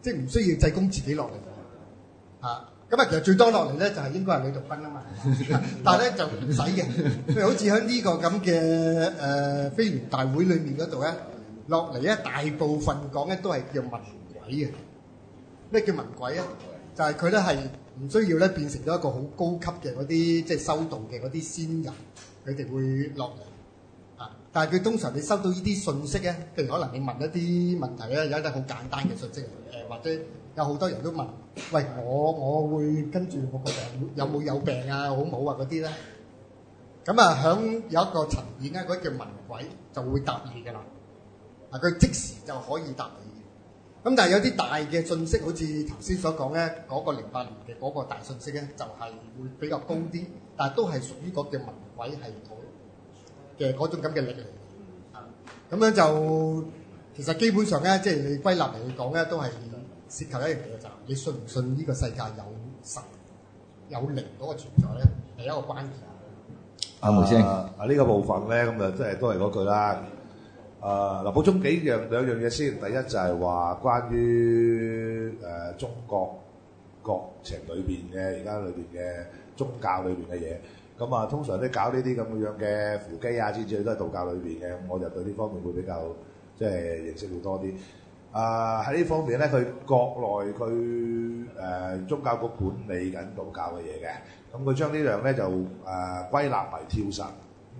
即係唔需要濟公自己落嚟吓。咁啊，其實最多落嚟咧就係應該係呂洞賓啊嘛。啊但係咧就唔使嘅。佢好似喺呢個咁嘅誒飛員大會裏面度咧，落嚟咧大部分講咧都係叫文鬼嘅。咩叫文鬼啊？就係佢咧係唔需要咧變成咗一個好高級嘅啲即係修道嘅啲仙人，佢哋會落嚟。但係佢通常你收到依啲信息咧，譬如可能你問一啲問題咧，有一啲好簡單嘅信息，誒或者有好多人都問，喂，我我會跟住我個病有冇有病啊好唔好啊嗰啲咧，咁啊響有一個層面，而家嗰啲叫文鬼就會答你㗎啦，嗱佢即時就可以答你，咁但係有啲大嘅信息，好似頭先所講咧，嗰個零八年嘅嗰個大信息咧，就係會比較高啲，但係都係屬於嗰嘅文鬼系統。嘅嗰種咁嘅力嚟嘅，咁樣就其實基本上咧，即係你歸納嚟講咧，都係涉及一樣嘢就係你信唔信呢個世界有神有靈嗰個存在咧，係一個關鍵。阿梅先生，啊呢個部分咧，咁就即係都係嗰句啦。啊，嗱補充幾樣兩樣嘢先，第一就係話關於誒中國國情裏邊嘅，而家裏邊嘅宗教裏邊嘅嘢。咁啊，通常都搞呢啲咁嘅樣嘅扶乩啊之類，都係道教裏邊嘅，我就對呢方面會比較即係、就是、認識會多啲。啊、呃，喺呢方面咧，佢國內佢誒、呃、宗教局管理緊道教嘅嘢嘅，咁、嗯、佢將呢樣咧就誒、呃、歸納為跳神，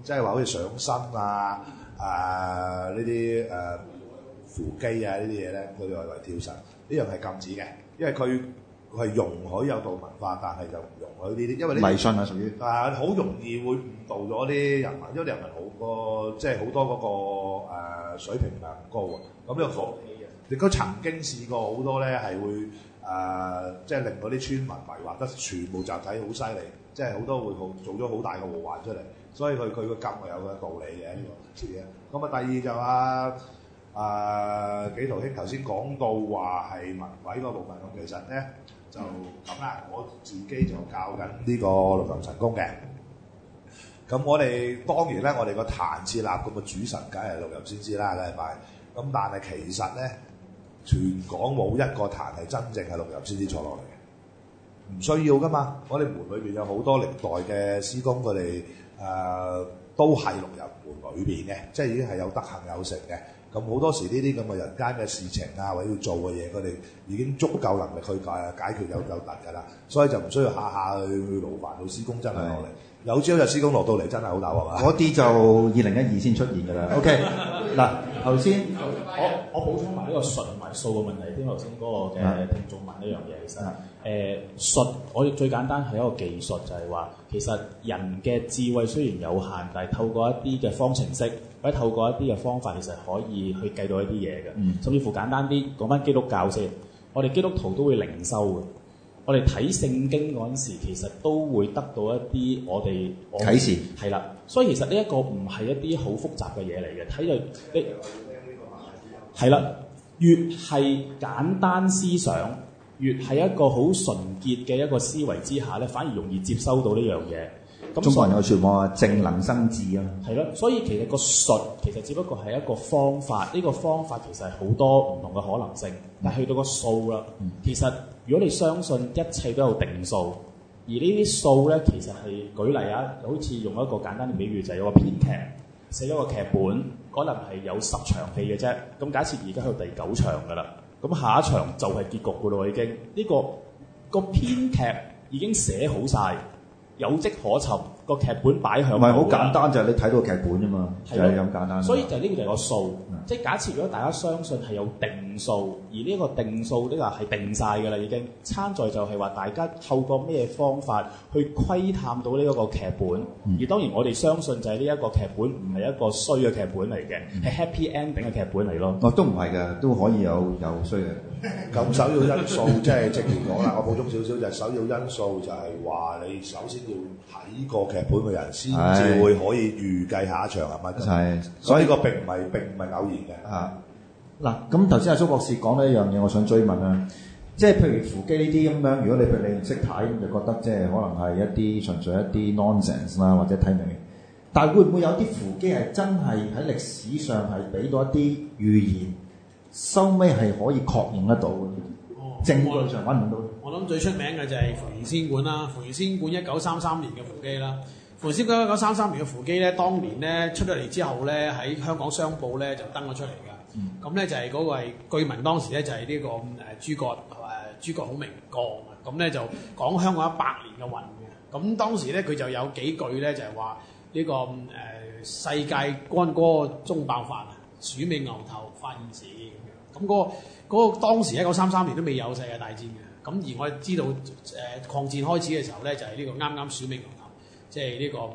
即係話好似上身啊、呃呃、扶啊呢啲誒扶乩啊呢啲嘢咧，佢就認為跳神呢樣係禁止嘅，因為佢。佢容許有道文化，但係就唔容許呢啲，因為迷信啊屬於。啊，好、啊、容易會誤導咗啲人民，因為啲人民好、那個，即係好多嗰個水平唔高啊，咁又可氣啊！都曾經試過好多咧，係會誒，即係令到啲村民迷惑得全部集體好犀利，即係好多會做好做咗好大個禍患出嚟。所以佢佢個禁係有佢道理嘅呢個啲嘢。咁啊、嗯，第二就是、啊啊紀陶兄頭先講到話係文委嗰部分，咁其實咧。 *music* 就咁啦，我自己就教緊呢個六壬神功嘅。咁我哋當然咧，我哋個壇設立咁嘅主神，梗係六壬先知啦，係咪？咁但係其實咧，全港冇一個壇係真正係六壬先知坐落嚟嘅，唔需要噶嘛。我哋門裏邊有好多歷代嘅師公，佢哋誒都係六壬門裏邊嘅，即係已經係有德行有成嘅。咁好多時呢啲咁嘅人間嘅事情啊，或者要做嘅嘢，佢哋已經足夠能力去解解決有夠突㗎啦，嗯、所以就唔需要下下去勞煩、嗯、去施工真係落嚟。是的 有朝一日施工落到嚟真係好難啊嘛！嗰啲就二零一二先出現㗎啦。O K，嗱頭先，嗯、我我補充埋呢個術為數嘅問題，因為頭先嗰嘅聽眾問呢樣嘢，其實誒術，我最簡單係一個技術，就係話其實人嘅智慧雖然有限，但係透過一啲嘅方程式。可以透過一啲嘅方法，其實可以去計到一啲嘢嘅。嗯、甚至乎簡單啲講翻基督教先，我哋基督徒都會靈修嘅。我哋睇聖經嗰陣時，其實都會得到一啲我哋啟示。係啦，所以其實呢一個唔係一啲好複雜嘅嘢嚟嘅。睇在、就係、你係啦，越係簡單思想，越係一個好純潔嘅一個思維之下咧，反而容易接收到呢樣嘢。中國人有説話啊，正能生智啊。係咯、嗯，嗯、所以其實個術其實只不過係一個方法，呢、呢個方法其實係好多唔同嘅可能性。但係去到個數啦，其實如果你相信一切都有定數，而數呢啲數咧其實係舉例啊，好似用一個簡單嘅比喻，就係、係、有個編劇寫咗個劇本，可能係有十場戲嘅啫。咁假設而家去到第九場㗎啦，咁下一場就係結局㗎啦，已經呢、呢個個編劇已經寫好晒。有迹可尋。個劇本擺響唔係好簡單，就係你睇到劇本啫嘛，的就係咁簡單。所以就呢個就係個數，的即係假設如果大家相信係有定數，而呢一個定數呢個係定晒㗎啦，這個、已經參賽就係話大家透過咩方法去窺探到呢一個劇本，嗯、而當然我哋相信就係呢一個劇本唔係一個衰嘅劇本嚟嘅，係、嗯、happy ending 嘅劇本嚟咯。哦，都唔係㗎，都可以有有衰嘅。咁 *laughs* *laughs* 首要因素即係即係講啦，就是、 *laughs* 我補充少少就係首要因素就係話你首先要睇個。劇本嘅人先至會可以預計下一場係咪？係，是是 所以個並唔係並唔係偶然嘅。啊，嗱，咁頭先阿蘇博士講咧一樣嘢，我想追問啊，即係譬如扶肌呢啲咁樣，如果你譬如你唔識睇，就覺得即係可能係一啲純粹一啲 nonsense 啦，或者睇唔明。但係會唔會有啲扶肌係真係喺歷史上係俾到一啲預言，收尾係可以確認得到證路、哦、上揾唔到我。我諗最出名嘅就係蓬瀛仙館啦，蓬瀛仙館一九三三年嘅扶乩啦，蓬瀛仙館一九三三年嘅扶乩咧，當年咧出咗嚟之後咧，喺香港商報咧就登咗出嚟㗎。咁咧、嗯、就係嗰個係據聞當時咧就係呢、這個誒諸葛誒諸葛孔明講啊，咁、呃、咧、呃、就講香港一百年嘅運嘅。咁當時咧佢就有幾句咧就係話呢個誒、呃、世界乾戈終爆發，鼠尾牛頭發現時咁樣，咁、那、嗰、個嗰個當時一九三三年都未有世界大戰嘅，咁而我知道誒、呃、抗戰開始嘅時候咧就係、是、呢個啱啱選美皇后，即係呢個誒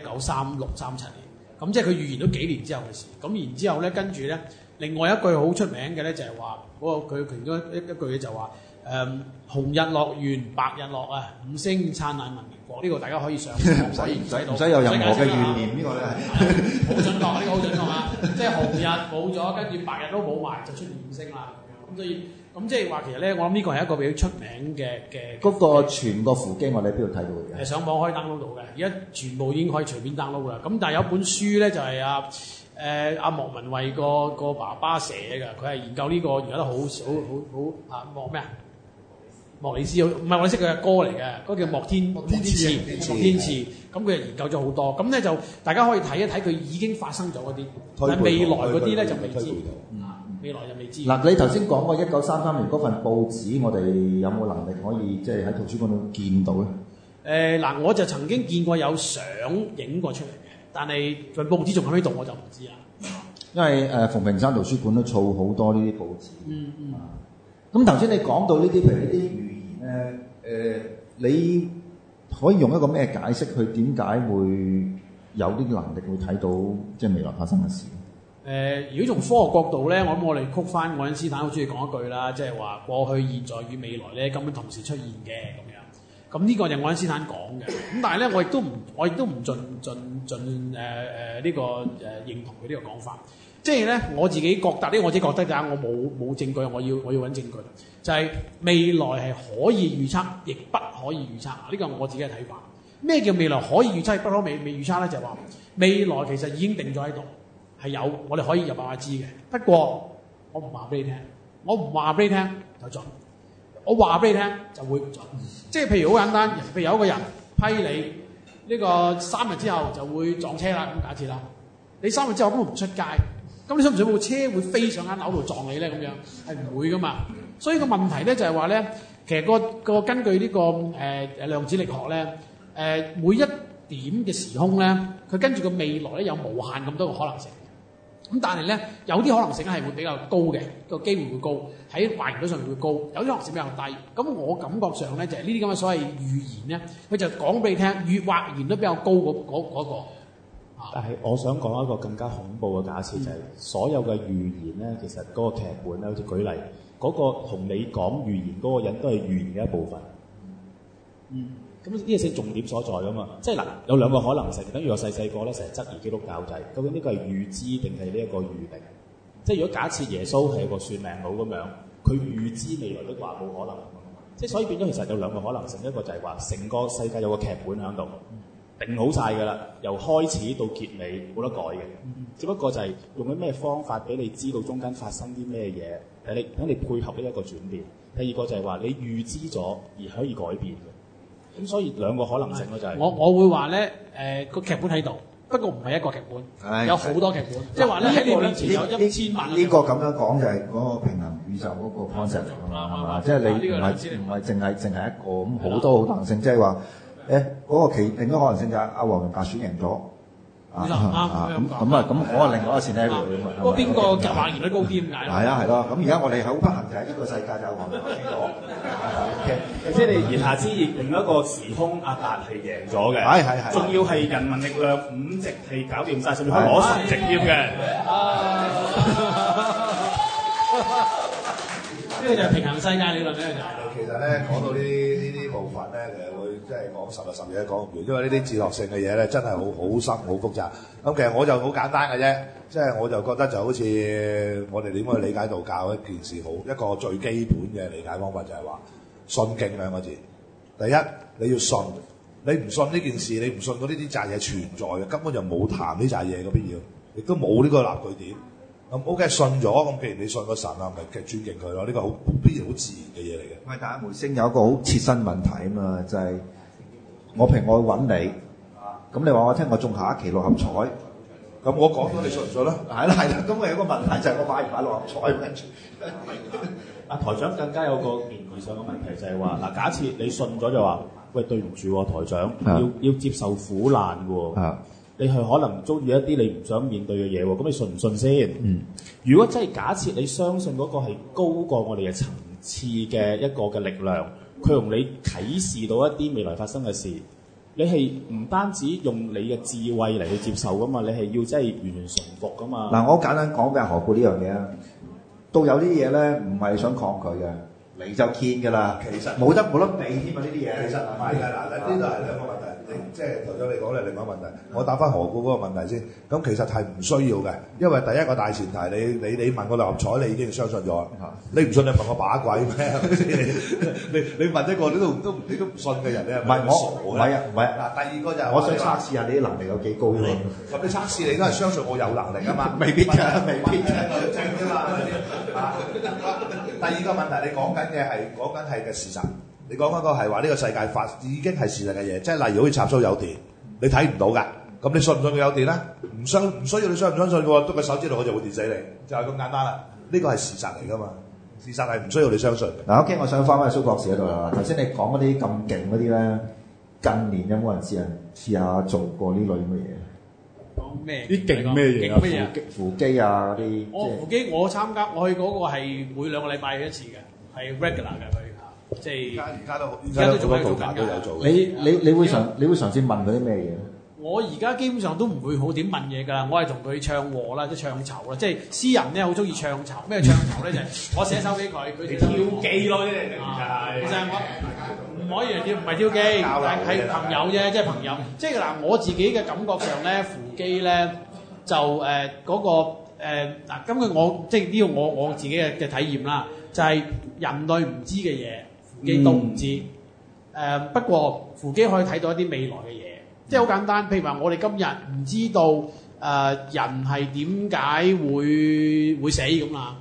一九三六三七年，咁即係佢預言咗幾年之後嘅事。咁然之後咧，跟住咧，另外一句好出名嘅咧就係話嗰個佢其中一一句嘢就話誒紅日落完白日落啊，五星燦爛文明國。呢、這個大家可以上唔使唔使唔使有任何嘅預言呢個咧，好 *laughs* 準確呢、這個好準確啊！ *laughs* 即係紅日冇咗，跟住白日都冇埋，就出現五星啦。咁所以，咁即係話其實咧，我諗呢個係一個比較出名嘅嘅。嗰個全個符經，我哋喺邊度睇到嘅？誒，上網可以 download 到嘅，而家全部已經可以隨便 download 喇。咁但係有本書咧，就係阿誒阿莫文蔚個個爸爸寫嘅。佢係研究呢個而家都好好好好啊莫咩啊莫里斯，唔係我識佢阿歌嚟嘅，嗰叫莫天莫天賜，莫天賜。咁佢又研究咗好多，咁咧就大家可以睇一睇佢已經發生咗嗰啲，但未來嗰啲咧就未知。未來有未知。嗱，你頭先講過一九三三年嗰份報紙，我哋有冇能力可以即係喺圖書館度見到咧？誒，嗱，我就曾經見過有相影過出嚟嘅，但係份報紙仲喺邊度我就唔知啦。因為誒，馮平山圖書館都儲好多呢啲報紙。嗯嗯。咁頭先你講到呢啲譬如呢啲預言咧，誒、呃，你可以用一個咩解釋佢點解會有啲能力會睇到即係未來發生嘅事？誒，如果、呃、從科學角度咧、嗯，我諗我哋曲翻愛因斯坦好中意講一句啦，即係話過去、現在與未來咧根本同時出現嘅咁樣。咁 *coughs* 呢個就係愛因斯坦講嘅。咁但係咧，我亦都唔，我亦都唔盡盡盡誒誒呢個誒認同佢呢個講法。即係咧，我自己覺得，呢我自己覺得咋，我冇冇證據，我要我要揾證據。就係、是、未來係可以預測，亦不可以預測。呢、這個我自己嘅睇法。咩叫未來可以預測，不可未未預測咧？就係、是、話未來其實已經定咗喺度。係有，我哋可以有辦法知嘅。不過我唔話俾你聽，我唔話俾你聽就準；我話俾你聽就，就會唔準。即係譬如好簡單，譬如有一個人批你呢、呢個三日之後就會撞車啦。咁假設啦，你三日之後咁唔出街，咁你諗唔諗部車會飛上間樓度撞你咧？咁樣係唔會噶嘛。所以個問題咧就係話咧，其實、個個根據呢、呢個誒、呃、量子力學咧，誒、呃、每一點嘅時空咧，佢跟住個未來咧有無限咁多個可能性。咁但係咧，有啲可能性係會比較高嘅，個機會會高喺畫面度上面會高，有啲可能性比較低。咁我感覺上咧就係呢啲咁嘅所謂預言咧，佢就講俾你聽，越預言都比較高嗰嗰嗰個。但係我想講一個更加恐怖嘅假設就係所有嘅預言咧，其實嗰個劇本咧，好似舉例嗰個同你講預言嗰個人都係預言嘅一部分。嗯。咁呢個先重點所在啊嘛！即係是嗱，有兩個可能性，等於我細細個咧成日質疑基督教制，究竟呢個係預知定係呢一個預定？即係如果假設耶穌係一個算命佬咁樣，佢預知未來都話冇可能，即係是，所以變咗其實有兩個可能性，一個就係話成個世界有個劇本喺度、嗯、定好晒㗎啦，由開始到結尾冇得改嘅。嗯、只不過就係、是、用啲咩方法俾你知道中間發生啲咩嘢，等你等你配合呢一個轉變。第二個就係話你預知咗而可以改變。咁所以兩個可能性咯，就係我我會話咧，誒個劇本喺度，不過唔係一個劇本，有好多劇本，即係話咧喺你面前有一千萬，呢個咁樣講就係嗰個平衡宇宙嗰個 concept 啦，係嘛？即係你唔係唔係淨係淨係一個，咁好多可能性，即係話誒嗰個其另一個可能性就係阿黃明發選贏咗。嗱咁咁啊，咁，我啊另外一次咧，邊個夾硬贏率高啲咁解？係啊係咯，咁而家我哋喺好不幸就喺呢個世界走過。即係言下之意，另一個時空阿達係贏咗嘅，係係係，仲要係人民力量五直係搞掂晒。甚至乎攞神直添嘅。即係平衡世界理論咧、就是，其實咧講到呢呢啲部分咧，其實會即係講十日十夜都講唔完，因為呢啲哲學性嘅嘢咧，真係好好深好複雜。咁其實我就好簡單嘅啫，即係我就覺得就好似我哋點去理解道教一件事，好一個最基本嘅理解方法就係、是、話信敬兩個字。第一，你要信，你唔信呢件事，你唔信到呢啲債嘢存在嘅，根本就冇談呢啲嘢嘅必要，亦都冇呢個立據點。咁 OK，信咗咁，既然你信神、啊那個神啦，咪其尊敬佢咯，呢個好必然好自然嘅嘢嚟嘅。喂，但、啊、係梅星有一個好切身問題啊嘛，就係、是、我平我揾你，咁你話我聽，我中下一期六合彩，咁我講咗你信唔信？咧？係啦係啦，咁我有個問題就係我買唔買六合彩？阿 *laughs* 、啊、台長更加有個面具上嘅問題就係話，嗱，假設你信咗就話，喂，對唔住喎，台長，要要接受苦難嘅、啊、喎。啊你係可能遭遇一啲你唔想面對嘅嘢喎，咁你信唔信先？嗯，如果真係假設你相信嗰個係高過我哋嘅層次嘅一個嘅力量，佢同你啟示到一啲未來發生嘅事，你係唔單止用你嘅智慧嚟去接受噶嘛，你係要真係完全臣服噶嘛？嗱、嗯，我簡單講俾人何故呢樣嘢啊？都有啲嘢咧，唔係想抗拒嘅，嗯、你就見㗎啦。其實冇得冇得畀添嘛，呢啲嘢，其實唔係啊，嗱，呢啲就係兩個問題。即係頭先你講咧另外一個問題，我答翻何故嗰個問題先。咁其實係唔需要嘅，因為第一個大前提，你你你問個六合彩，你已經相信咗。嚇，你唔信你問我把鬼咩？你你問一個你都都你都唔信嘅人，你係唔係咁傻嘅？唔係啊，唔係啊。嗱，第二個就係我想測試下你啲能力有幾高。咁你測試你都係相信我有能力啊嘛？未必㗎，未必㗎。正啫嘛？嚇！第二個問題，你講緊嘅係講緊係嘅事實。你講返個係話呢個世界發展已經係事實嘅嘢，即係例如好似插蘇有電，你睇唔到㗎，咁你信唔信佢有電咧？唔信唔需要你相唔相信喎，喺個手指度我就會電死你，就係咁簡單啦。呢個係事實嚟㗎嘛，事實係唔需要你相信。嗱，OK，我想翻返蘇博士嗰度啦。頭先你講嗰啲咁勁嗰啲咧，近年有冇人試人試下做過呢類咁嘅嘢？講咩、哦？啲勁咩嘢？扶乩啊，乩啊嗰啲。我扶乩，我參加，我去嗰個係每兩個禮拜一次嘅，係 regular 嘅即係而家都而家都仲喺度做緊㗎。你你你會嘗你會嘗試問佢啲咩嘢？我而家基本上都唔會好點問嘢㗎，我係同佢唱和啦，即係唱酬啦。即係詩人咧，好中意唱酬。咩唱酬咧？就係我寫首俾佢，佢就挑機咯，啲人成日。唔可以跳，唔係挑機，係朋友啫，即係朋友。即係嗱，我自己嘅感覺上咧，扶乩咧就誒嗰個誒嗱，根據我即係呢個我我自己嘅嘅體驗啦，就係人類唔知嘅嘢。機都唔知，誒、嗯嗯、不過扶乩可以睇到一啲未來嘅嘢，即係好簡單。譬如話，我哋今日唔知道誒、呃、人係點解會會死咁啦，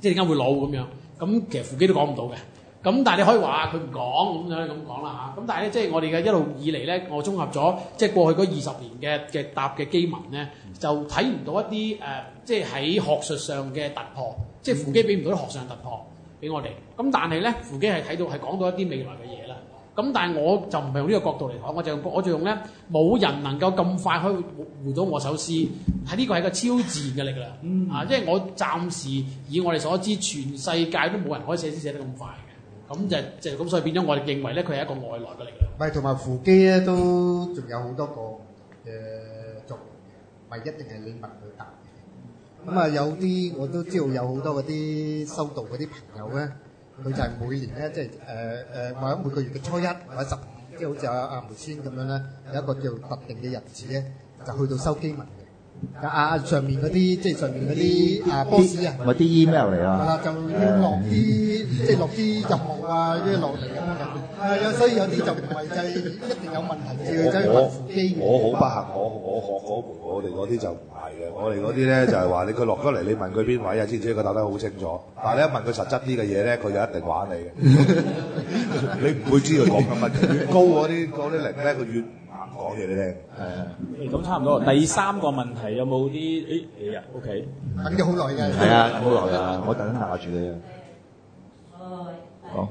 即係點解會老咁樣。咁其實扶乩都講唔到嘅。咁但係你可以話佢唔講咁就可以咁講啦嚇。咁但係咧，即係我哋嘅一路以嚟咧，我綜合咗即係過去嗰二十年嘅嘅搭嘅乩文咧，嗯、就睇唔到一啲誒、呃，即係喺學術上嘅突破，即係扶乩俾唔到啲學術上突破。嗯嗯俾我哋，咁但係咧，扶乩係睇到係講到一啲未來嘅嘢啦。咁但係我就唔係用呢個角度嚟講，我就用，我就用咧，冇人能夠咁快可以換到我首詩，係、這、呢個係一個超自然嘅力量，嗯、啊，因為我暫時以我哋所知，全世界都冇人可以寫詩寫得咁快嘅。咁、嗯嗯、就就咁，所以變咗我哋認為咧，佢係一個外來嘅力量。唔同埋扶乩咧都仲有好多個誒、呃、作用嘅，唔一定係李白嘅大。咁啊、嗯，有啲我都知道有好多嗰啲收到嗰啲朋友咧，佢就係每年咧，即係誒誒，或者每個月嘅初一或者十五，即係好似阿阿梅川咁樣咧，有一個叫特定嘅日子咧，就去到收經文嘅。啊啊，上面嗰啲即係上面嗰啲啊，boss 啊，我啲 email 嚟啊，係啦，嗯、就要落啲即係落啲任務啊，即係落嚟咁啊，係啊，所以有啲就唔係制，一定有問題嘅。我好不幸，我我學嗰我哋嗰啲就唔係嘅。我哋嗰啲咧就係話、就是、你佢落咗嚟，你問佢邊位啊，知唔知佢答得好清楚。但係你一問佢實質啲嘅嘢咧，佢就一定玩你嘅。 *laughs* *laughs* 你唔會知佢講緊乜嘅。越高嗰啲嗰啲靈咧，佢越唔肯講嘢你聽。係。咁差唔多。第三個問題有冇啲？誒啊 OK 等咗好耐嘅，係啊，好耐啊，我等下拿住你啊。好。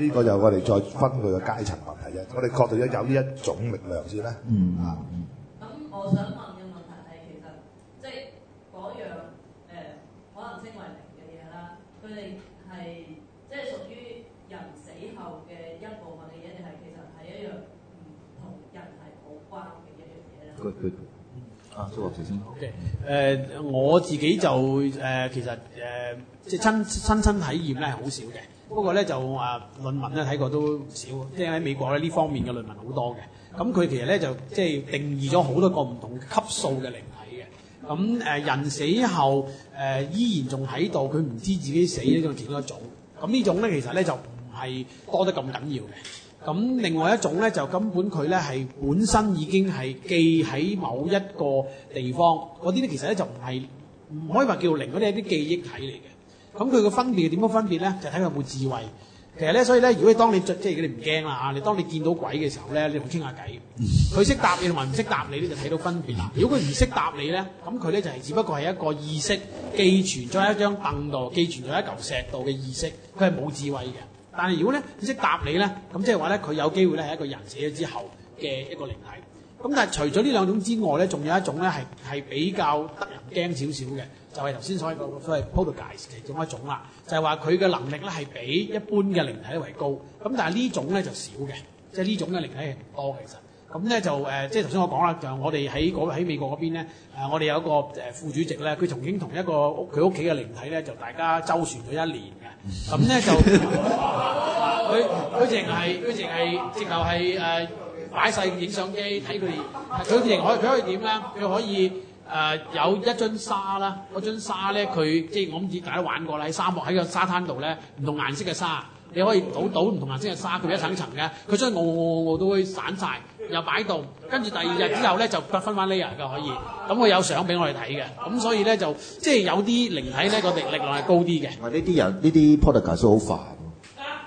呢個就係我哋再分佢嘅階層問題啫。我哋確定咗有呢一種力量先啦。嗯。啊。咁我想問嘅問題係其實即係嗰樣誒可能稱為靈嘅嘢啦，佢哋係即係屬於人死後嘅一部分嘅嘢，定係其實係一樣唔同人係冇關嘅一樣嘢咧？佢佢啊，蘇學平先。O K。誒，我自己就誒其實誒即係親親身體驗咧，係好少嘅。不過咧就誒論文咧睇過都唔少，即係喺美國咧呢方面嘅論文好多嘅。咁佢其實咧就即係定義咗好多個唔同級數嘅靈體嘅。咁誒人死後誒依然仲喺度，佢唔知自己死呢種叫一種。咁呢種咧其實咧就唔係多得咁緊要嘅。咁另外一種咧就根本佢咧係本身已經係記喺某一個地方，嗰啲咧其實咧就唔係唔可以話叫靈，嗰啲係啲記憶體嚟嘅。咁佢個分別點樣分別咧？就睇、是、佢有冇智慧。其實咧，所以咧，如果你當你即係如果你唔驚啦啊，你當你見到鬼嘅時候咧，你同傾下偈。佢識、嗯、答你同埋唔識答你咧，就睇到分別啦。嗯、如果佢唔識答你咧，咁佢咧就係只不過係一個意識寄存咗喺一張凳度、寄存咗喺一嚿石度嘅意識，佢係冇智慧嘅。但係如果咧佢識答你咧，咁即係話咧，佢有機會咧係一個人死咗之後嘅一個靈體。咁但係除咗呢兩種之外咧，仲有一種咧係係比較得人驚少少嘅。就係頭先所講所謂鋪到界嘅其中一種啦，就係話佢嘅能力咧係比一般嘅靈體為高，咁但係呢種咧就少嘅，即係呢種咧靈體係唔多其實，咁咧就誒，即係頭先我講啦，就我哋喺嗰喺美國嗰邊咧，誒我哋有一個誒副主席咧，佢曾經同一個佢屋企嘅靈體咧就大家周旋咗一年嘅，咁咧就佢佢淨係佢淨係，直頭係誒擺曬影相機睇佢哋，佢仍可佢可以點咧？佢可以。誒、呃、有一樽沙啦，嗰樽沙咧，佢即係我諗住大家玩過啦，喺沙漠喺個沙灘度咧，唔同顏色嘅沙，你可以倒倒唔同顏色嘅沙，佢一層一層嘅，佢將將我我我都會散晒，又擺動，跟住第二日之後咧就得分翻呢 a 嘅可以，咁、嗯、佢有相俾我哋睇嘅，咁、嗯、所以咧就即係有啲靈體咧個力力量係高啲嘅。呢啲人呢啲 p o d u c t 解衰好快。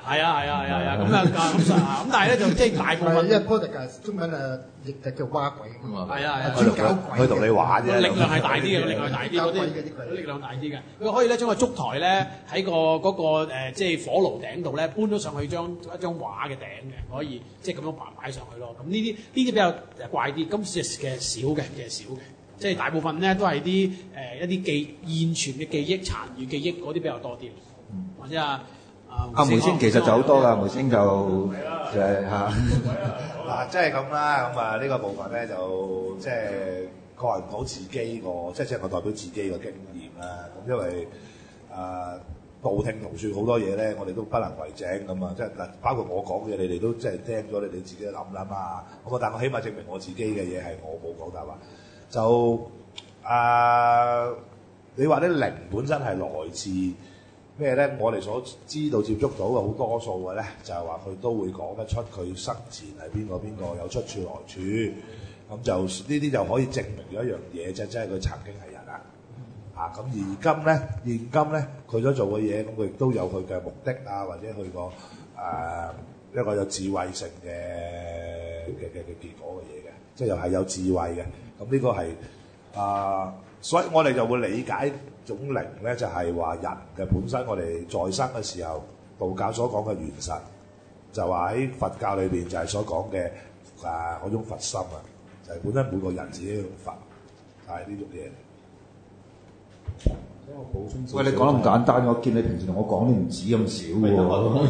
係啊，係啊，係啊，咁啊，咁啊，咁，但係咧就即係大部分，因為 poltergeist 嘅中文誒亦就叫蛙鬼咁啊，係啊，係啊，捉鬼佢同你玩啫，力量係大啲嘅，力量大啲，嗰啲力量大啲嘅，佢可以咧將個燭台咧喺個嗰個誒即係火爐頂度咧搬咗上去，將一張畫嘅頂嘅可以即係咁樣擺擺上去咯。咁呢啲呢啲比較誒怪啲，今次嘅少嘅嘅少嘅，即係大部分咧都係啲誒一啲記現存嘅記憶、殘餘記憶嗰啲比較多啲，或者啊。啊！無線其實好多啦，梅線就就係嚇。嗱、啊，即係咁啦，咁啊呢個部分咧就即係講唔好自己個，即係即係我代表自己嘅經驗啦。咁因為啊，道聽途説好多嘢咧，我哋都不能為證㗎啊，即係嗱，包括我講嘅，你哋都即係聽咗，你哋自己諗諗啊。咁啊，但我起碼證明我自己嘅嘢係我冇講大話。就啊，你話啲零本身係來自。咩咧？我哋所知道接觸到嘅好多數嘅咧，就係話佢都會講得出佢生前係邊個邊個有出處來處，咁就呢啲就可以證明咗一樣嘢啫，即係佢曾經係人啊。啊，咁而今咧，現今咧，佢所做嘅嘢，咁佢亦都有佢嘅目的啊，或者佢個誒一個有智慧性嘅嘅嘅嘅結果嘅嘢嘅，即係又係有智慧嘅。咁呢個係啊，所以我哋就會理解。種靈咧就係話人嘅本身，我哋再生嘅時候，道教所講嘅原神，就話喺佛教裏邊就係所講嘅啊嗰種佛心啊，就係、是、本身每個人自己都用佛，就係呢種嘢。喂，補充點點你講得咁簡單，我見你平時同我講都唔止咁少喎、啊。講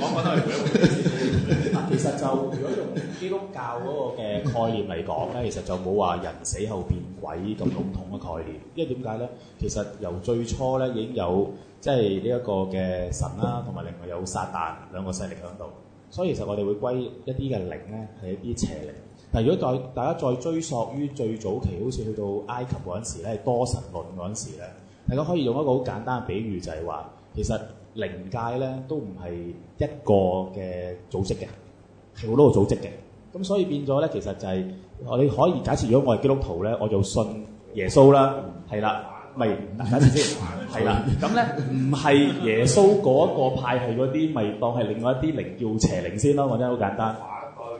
講都係。其實就如果用基督教嗰個嘅概念嚟講咧，其實就冇話人死後變鬼咁籠統嘅概念。因為點解咧？其實由最初咧已經有即係呢一個嘅神啦，同埋另外有撒旦兩個勢力響度。所以其實我哋會歸一啲嘅靈咧係一啲邪靈。嗱，但如果再大家再追溯於最早期，好似去到埃及嗰陣時咧，係多神論嗰陣時咧。大家可以用一個好簡單嘅比喻，就係話其實靈界咧都唔係一個嘅組織嘅，係好多個組織嘅。咁所以變咗咧，其實就係你可以假設，如果我係基督徒咧，我就信耶穌啦，係啦，咪等陣先，係啦。咁咧唔係耶穌嗰個派系嗰啲，咪當係另外一啲靈叫邪靈先咯，或者好簡單，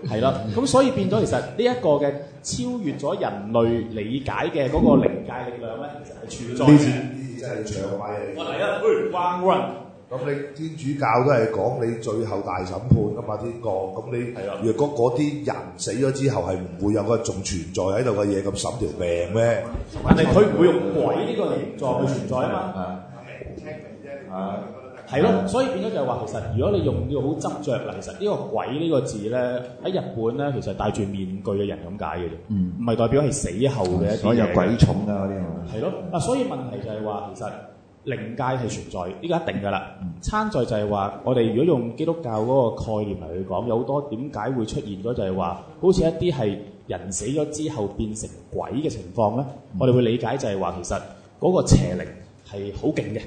係啦。咁所以變咗，其實呢一個嘅超越咗人類理解嘅嗰個靈界力量咧，其實係存在。即係，佢 one one。咁你天主教都係講你最後大審判噶嘛？呢個咁你，若果嗰啲人死咗之後，係唔會有個仲存在喺度嘅嘢咁審條命咩？人哋佢唔會用鬼呢個形狀去存在啊嘛。啊。啊啊啊係咯，所以變咗就係話，其實如果你用呢個好執着啦，其實呢個鬼呢個字咧，喺日本咧，其實戴住面具嘅人咁解嘅啫，唔係、嗯、代表係死後嘅。所以有鬼重㗎嗰啲係。係咯，嗱，所以問題就係話，其實靈界係存在，呢、呢個一定㗎啦。參在、嗯、就係話，我哋如果用基督教嗰個概念嚟去講，有好多點解會出現咗，就係話，好似一啲係人死咗之後變成鬼嘅情況咧，嗯、我哋會理解就係話，其實嗰個邪靈係好勁嘅。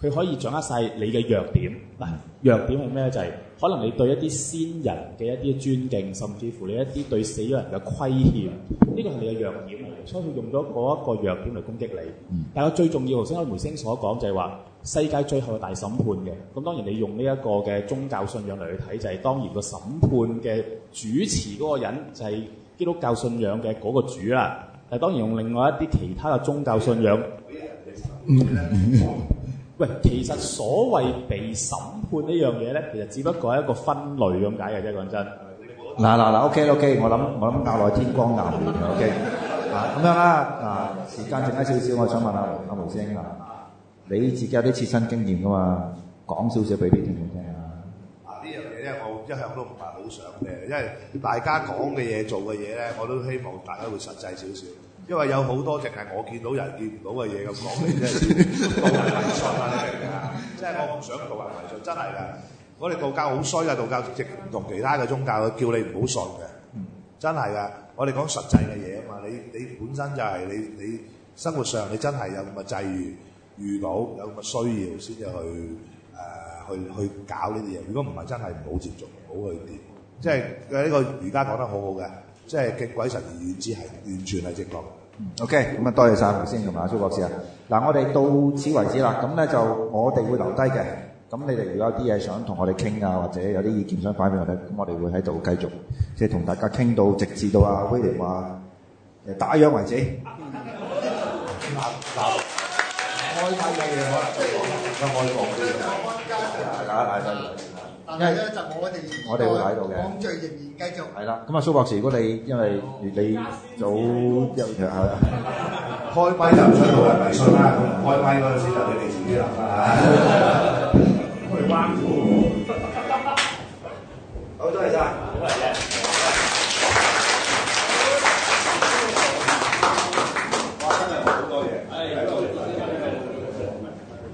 佢可以掌握曬你嘅弱點。嗱，弱點係咩咧？就係可能你對一啲先人嘅一啲尊敬，甚至乎你一啲對死咗人嘅虧欠，呢個係你嘅弱點嚟嘅。所以佢用咗嗰一個弱點嚟攻擊你。嗯。但係最重要，頭先阿梅星所講就係話，世界最後嘅大審判嘅。咁當然你用呢一個嘅宗教信仰嚟去睇，就係當然個審判嘅主持嗰個人就係基督教信仰嘅嗰個主啦。但係，當然用另外一啲其他嘅宗教信仰。嗯嗯嗯。喂，其實所謂被審判呢樣嘢咧，其實只不過係一個分類咁解嘅啫。講真，嗱嗱嗱，OK OK，我諗我諗落去天光暗面 *laughs* o OK k *laughs* 啊咁樣啦。啊，時間剩啲少少，前我想問下阿無聲啊，你自己有啲切身經驗噶嘛？講少少俾啲聽眾聽啊。啊，呢樣嘢咧，我一向都唔係好想嘅，因為大家講嘅嘢、做嘅嘢咧，我都希望大家會實際少少。因為有好多淨係我見到人見唔到嘅嘢，咁講你真係迷信啦！真係，即係我唔想做迷信，真係㗎。我哋道教好衰啊！道教直同其他嘅宗教，佢叫你唔好信嘅。嗯，真係㗎。我哋講實際嘅嘢啊嘛，你你本身就係你你生活上你真係有咁嘅際遇遇到有咁嘅需要先至去誒去去搞呢啲嘢。如果唔係真係唔好接觸，唔好去掂。即係嘅呢個儒家講得好好嘅，即係敬鬼神而遠之係完全係正確。嗯，OK，咁啊，多謝曬先同埋阿蘇博士啊。嗱，我哋到此為止啦。咁咧就我哋會留低嘅。咁你哋如果有啲嘢想同我哋傾啊，或者有啲意見想反映我哋，咁我哋會喺度繼續即係同大家傾到直至到阿 William 話誒打烊為止。嗱嗱，開心嘅嘢可能都開放啲嘅，假得太真。但係咧，就我哋我哋會睇到嘅網聚仍然繼續。係啦，咁啊，蘇博士，如果你因為你早入約下啦，開閤就唔出到人微信啦，唔開閤嗰陣時就你哋自己諗啦。開閘，好多謝晒。 *laughs*